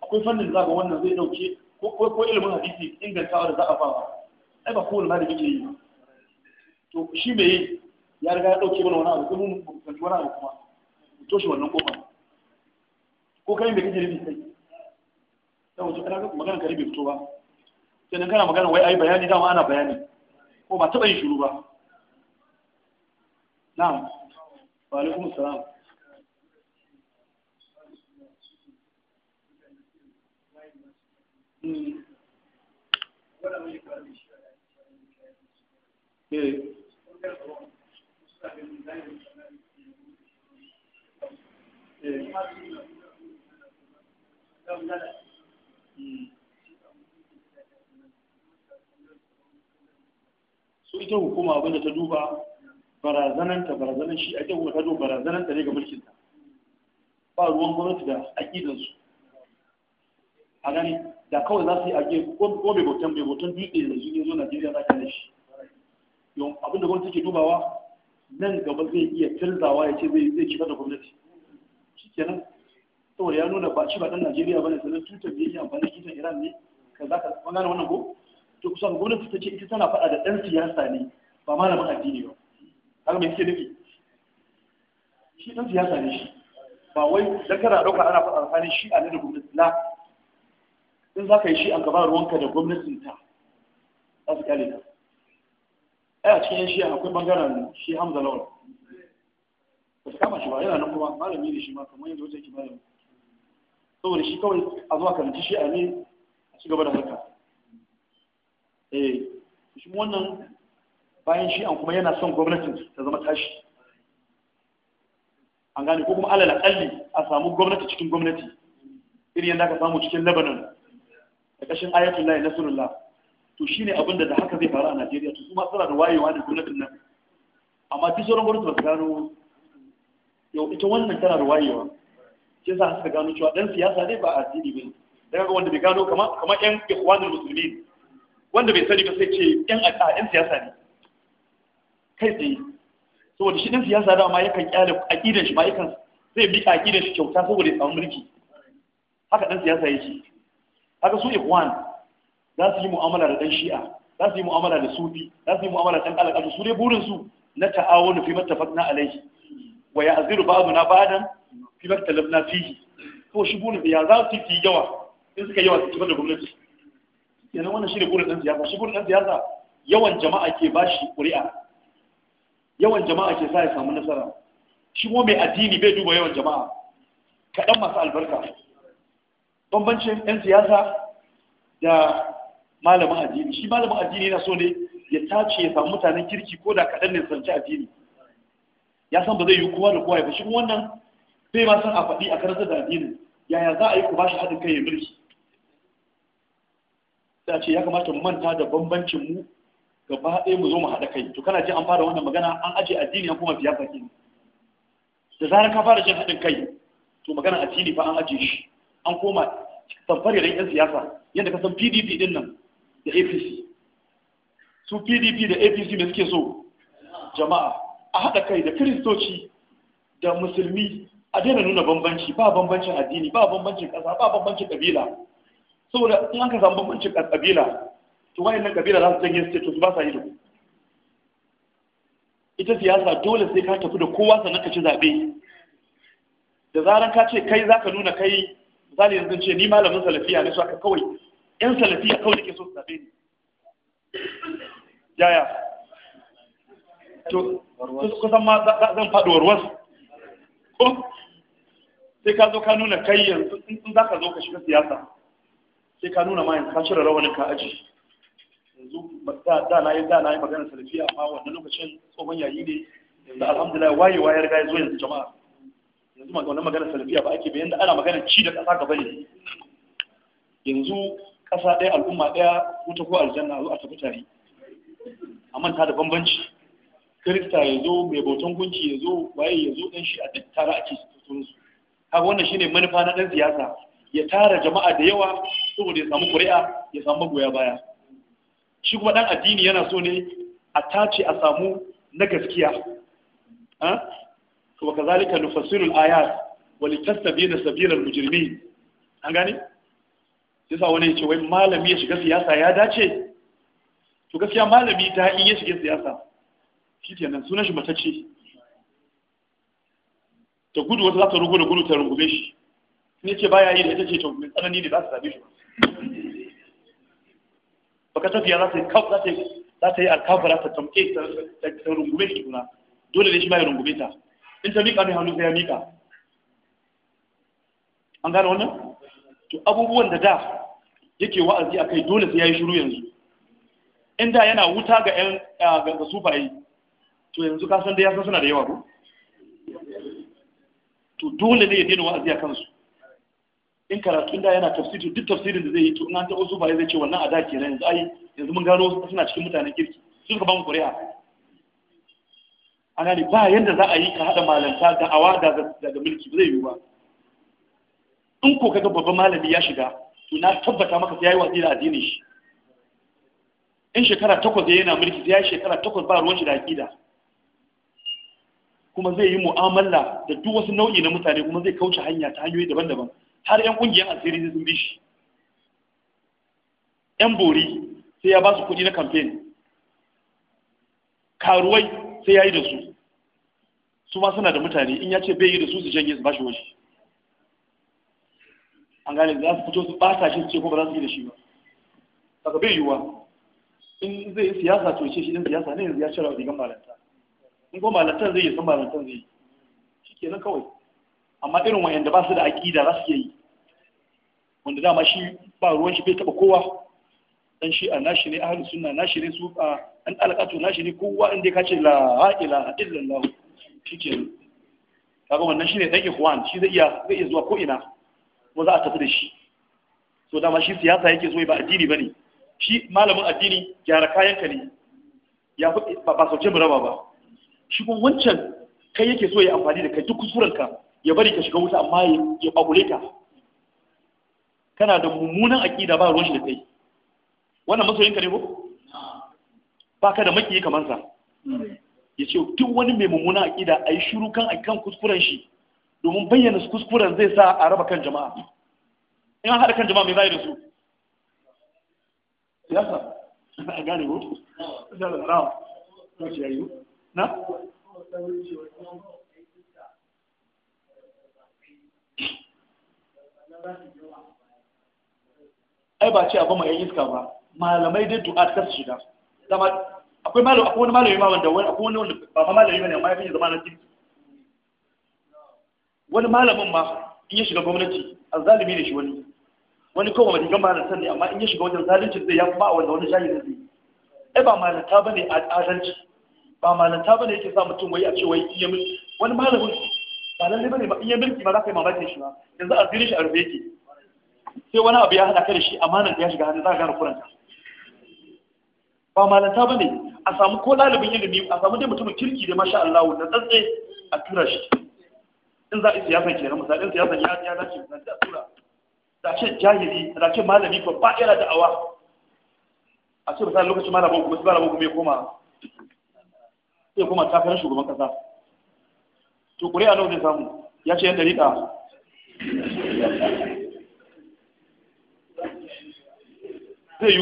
akwai fannin za wannan zai ɗauke ko ilimin hadisi ingantawa da za a ba ai ba kowane malami ke yi to shi me yi ya riga ya ɗauke mana wani abu sai mun fuskanci wani abu kuma mu toshe wannan kofa ko kai me kake rubi sai sai wace kana magana ka fito ba sai nan kana magana wai ai bayani dama ana bayani ko ba taɓa yin shiru ba na wa alaikum salam Mm. su ita hukuma abin da ta duba barazananta barazanan shi ake kuma ta duba barazananta ne ga mulkinta ba ruwan gwamnati da aƙidansu a gani da kawai za su yi ake ko mai bautan mai bautan dutse da yanzu ne zo najeriya za ka da shi yau abin da gwamnati ke dubawa nan gaba zai iya tirzawa ya ce zai ci da gwamnati kenan saboda ya nuna ba ci ba ɗan najeriya ba ne sannan tutar da yake amfani da iran ne ka za ka gane wannan ko to kusa gwamnati ta ce ita tana faɗa da ɗan siyasa ne ba malamin addini ba haka mai suke nufi shi ɗan siyasa ne shi ba wai dan kana ɗauka ana faɗa tsakanin shi a ne da gwamnati na in za ka yi shi an gaba ruwanka da gwamnatin ta za su kyale ta ai a cikin yan a, akwai bangaren shi hamza lawal ba su kama shi ba yana nan kuma malami ne shi ma kamar yadda wajen ki malami saboda shi kawai a zuwa karanci shi a ne a ci gaba da harka eh shi wannan bayan shi an kuma yana son gwamnatin ta zama tashi an gane ko kuma alal akalli a samu gwamnati cikin gwamnati irin yadda aka samu cikin Lebanon da kashin ayatul lahi nasrullah to shine abinda da haka zai faru a Najeriya to kuma tsara da wayewa da gwamnatin nan amma duk sauran gwamnati ba su gano yau ita wannan tana da wayewa shi yasa suka gano cewa dan siyasa ne ba addini bane daga wanda bai gano kamar kamar yan ikhwanul muslimin wanda bai sani ba sai ce yan a yan siyasa ne kai tsaye saboda shi ɗin siyasa ma yakan kyale aƙidar shi ma yakan zai bi aƙidar shi kyauta saboda ya samu mulki haka ɗan siyasa yake haka su ikwan za su yi mu'amala da ɗan shi'a za su yi mu'amala da sufi za su yi mu'amala da ɗan alaƙa su dai su na ta'awunu fi mattafaqna alayhi wa ba'adu na ba'adan fi maktalabna fihi to shi burin ya za su yi yawa in suka yawa su ci da gwamnati yanzu wannan shi ne burin ɗan siyasa shi burin ɗan siyasa yawan jama'a ke ba shi ƙuri'a yawan jama'a ke sa ya samu nasara shi kuma mai addini bai duba yawan jama'a kaɗan masu albarka bambancin ɗan siyasa da malamin addini shi malamin addini yana so ne ya tace ya samu mutanen kirki ko da kaɗan ne sanci addini ya san ba zai yi kowa da kowa ya fashi wannan bai ma san a faɗi a karantar da addinin yaya za a yi ku ba shi haɗin kai ya mulki sai ce ya kamata mu manta da bambancin mu gaba ɗaya mu zo mu haɗa kai to kana ji an fara wannan magana an aje addini an kuma siyasa ke da zarar ka fara jin haɗin kai to magana addini fa an aje shi an koma tamfare da yan siyasa yadda ka san PDP din nan da APC su PDP da APC mai suke so jama'a a haɗa kai da kiristoci da musulmi a daina nuna bambanci ba bambancin addini ba bambancin ƙasa ba bambancin ƙabila saboda in an ka samu bambancin kabila to wayannan kabila za su janye su ce to su ba sa yi da ku ita siyasa dole sai ka tafi da kowa sannan ka ci zaɓe da zaran ka ce kai za ka nuna kai misali yanzu ce ni malamin salafiya ne su aka kawai yan salafiya kawai ke so su zaɓe ni yaya to kusan ma zan faɗi warwas ko sai ka zo ka nuna kai yanzu in za ka zo ka shiga siyasa sai ka nuna ma yanzu ka cire rawanin ka aji yanzu da na yi da na yi magana salafiya amma wannan lokacin tsohon yayi ne yanzu alhamdulillah waye waye riga ya zo yanzu jama'a yanzu wannan magana salafiya ba ake bayan da ana magana ci da kasa gaba ne yanzu ƙasa ɗaya al'umma ɗaya wuta ko aljanna zo a tafi tare a manta da bambanci kirista ya zo mai bautan gunki ya zo waye ya zo ɗan shi a duk tare ake su kaga wannan shine manufa na ɗan siyasa ya tara jama'a da yawa saboda ya samu ƙuri'a ya samu magoya baya shi kuma dan addini yana so ne a tace a samu na gaskiya kuma ka zalika nufassirul ayat wa litastabina sabilal mujrimin an gane yasa wani yace ce wai malami ya shiga siyasa ya dace to gaskiya malami ta yi ya shiga siyasa shi kenan sunan shi matacce ta gudu wata za ta rugu da gudu ta rungume shi ne ce baya yi da ita ce to mai tsanani ne za ta zabe shi ba baka tafiya za ta yi kaf za ta yi za ta yi alkafa za ta tamke ta rungume shi kuna dole ne shi ma ya rungume ta in ta miƙa mai hannu sai ya miƙa an gane wannan to abubuwan da da yake wa'azi a kai dole sai ya yi shiru yanzu in da yana wuta ga yan ga sufayi to yanzu ka san da ya san suna da yawa ko to dole ne ya dena wa'azi a kansu in karatun da yana tafsiri duk tafsirin da zai yi to in an taɓa sufaye zai ce wannan a da na yanzu ai yanzu mun gano suna cikin mutanen kirki sun ka ba mu ƙuri'a ana ne ba yadda za a yi ka haɗa malanta da awa daga mulki ba zai yiwu ba in ko kaga babban malami ya shiga to na tabbata maka sai yayi watsi da addinin shi in shekara takwas yana mulki sai yayi shekara takwas ba ruwan shi da aƙida kuma zai yi mu'amala da duk wasu nau'i na mutane kuma zai kauce hanya ta hanyoyi daban-daban har yan kungiyar asiri sun bi shi yan bori sai ya ba su kuɗi na kamfen karuwai sai ya yi da su su ba suna da mutane in ya ce bai yi da su su janye su ba shi waje an gane za su fito su ɓata shi su ce ko ba za su yi da shi ba daga bai yiwuwa in zai siyasa to ce shi din siyasa ne yanzu ya cira rigan malanta in ko malantar zai yi san malantar zai yi shi kenan kawai amma irin wayanda ba su da aƙida za su yi wanda dama shi ba ruwan shi bai taba kowa dan shi a nashi ne ahlus sunna nashi ne su a an alqatu nashi ne kowa inda ka ce la ilaha illallah shikenan kaga wannan shine dan ikhwan shi zai iya zai iya zuwa ko ina ko za a tafi da shi so dama shi siyasa yake so ba addini bane shi malamin addini gyara kayan ka ne ya fi ba sauke mu raba ba shi kuma wancan kai yake so ya amfani da kai duk kusuranka ya bari ka shiga wuta amma ya kwakule ka kana da mummunan aƙida ba ruwan shi da kai wannan masoyinka ne ko ba ka da maki kamar sa ya ce duk wani mai mummunan aƙida a yi shiru kan aikan kuskuren shi domin bayyana kuskuren zai sa a raba kan jama'a in an haɗa kan jama'a mai zai da su siyasa a gane ko na Thank you. ba ce abu mai iska ba malamai dai du'a ta shiga dama akwai malam akwai wani malami ma wanda wani akwai wani ba ma malami ne, amma ya zama na cikin wani malamin ma in ya shiga gwamnati a zalimi ne shi wani wani kowa mai digan malam sanni, amma in ya shiga wajen zalunci zai ya kuma wanda wani jahili zai ai ba malanta bane a adalci ba malanta bane yake sa mutum wai a ce wai iya wani malamin ba lalle bane ba iya mulki ba za ka yi mamakin shi ba yanzu a zirin shi a rufe yake sai wani abu ya haɗa kare shi amanar da ya shiga hannu za ka gane kuranta ba malanta ba ne a samu ko yin ilimi a samu dai mutumin kirki da masha Allah da tsatsai a tura shi in za a yi siyasa ke nan misalin siyasa ya ya dace misali da tura da ce jahili da ce malami ko ba yana da'awa a ce misali lokacin malamin kuma su malamin kuma ya koma ya koma takarar shugaban kasa to ƙuri'a nawa zai samu ya ce yadda dariƙa zai yi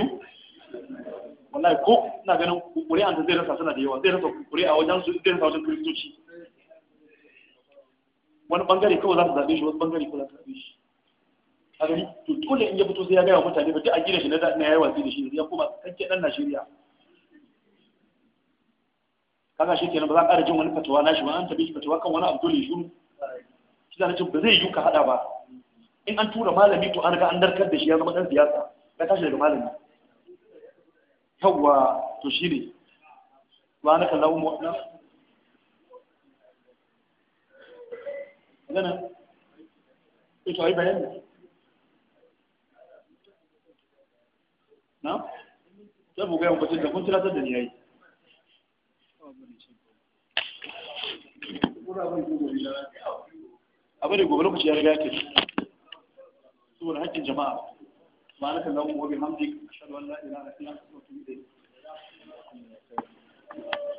wallahi ko ina ganin kuri an zai rasa suna da yawa zai rasa a wajen su zai rasa wajen kristoci wani bangare kawai za su zaɓe shi wasu bangare kawai za su zaɓe shi a gani to dole in ya fito sai ya gaya wa mutane ba duk a gina shi na da na yayi watsi da shi ya koma cikakken ɗan Najeriya kaga shi kenan ba za a ƙara jin wani fatawa na shi ba an tabi shi fatawa kan wani abu dole shi shi da nace ba zai yi ka hada ba in an tura malami to an ga an darkar da shi ya zama ɗan siyasa ya tashi daga malami yawwa to shi ne ba na kalla umu na gana ita wai bayani na sai mu ga yan kwacin da kun tilatar da ni yi. abin da gobe lokaci ya riga ya ke saboda haƙƙin jama'a بارك اللهم وبحمدك أشهد أن لا إله إلا أنت أستغفرك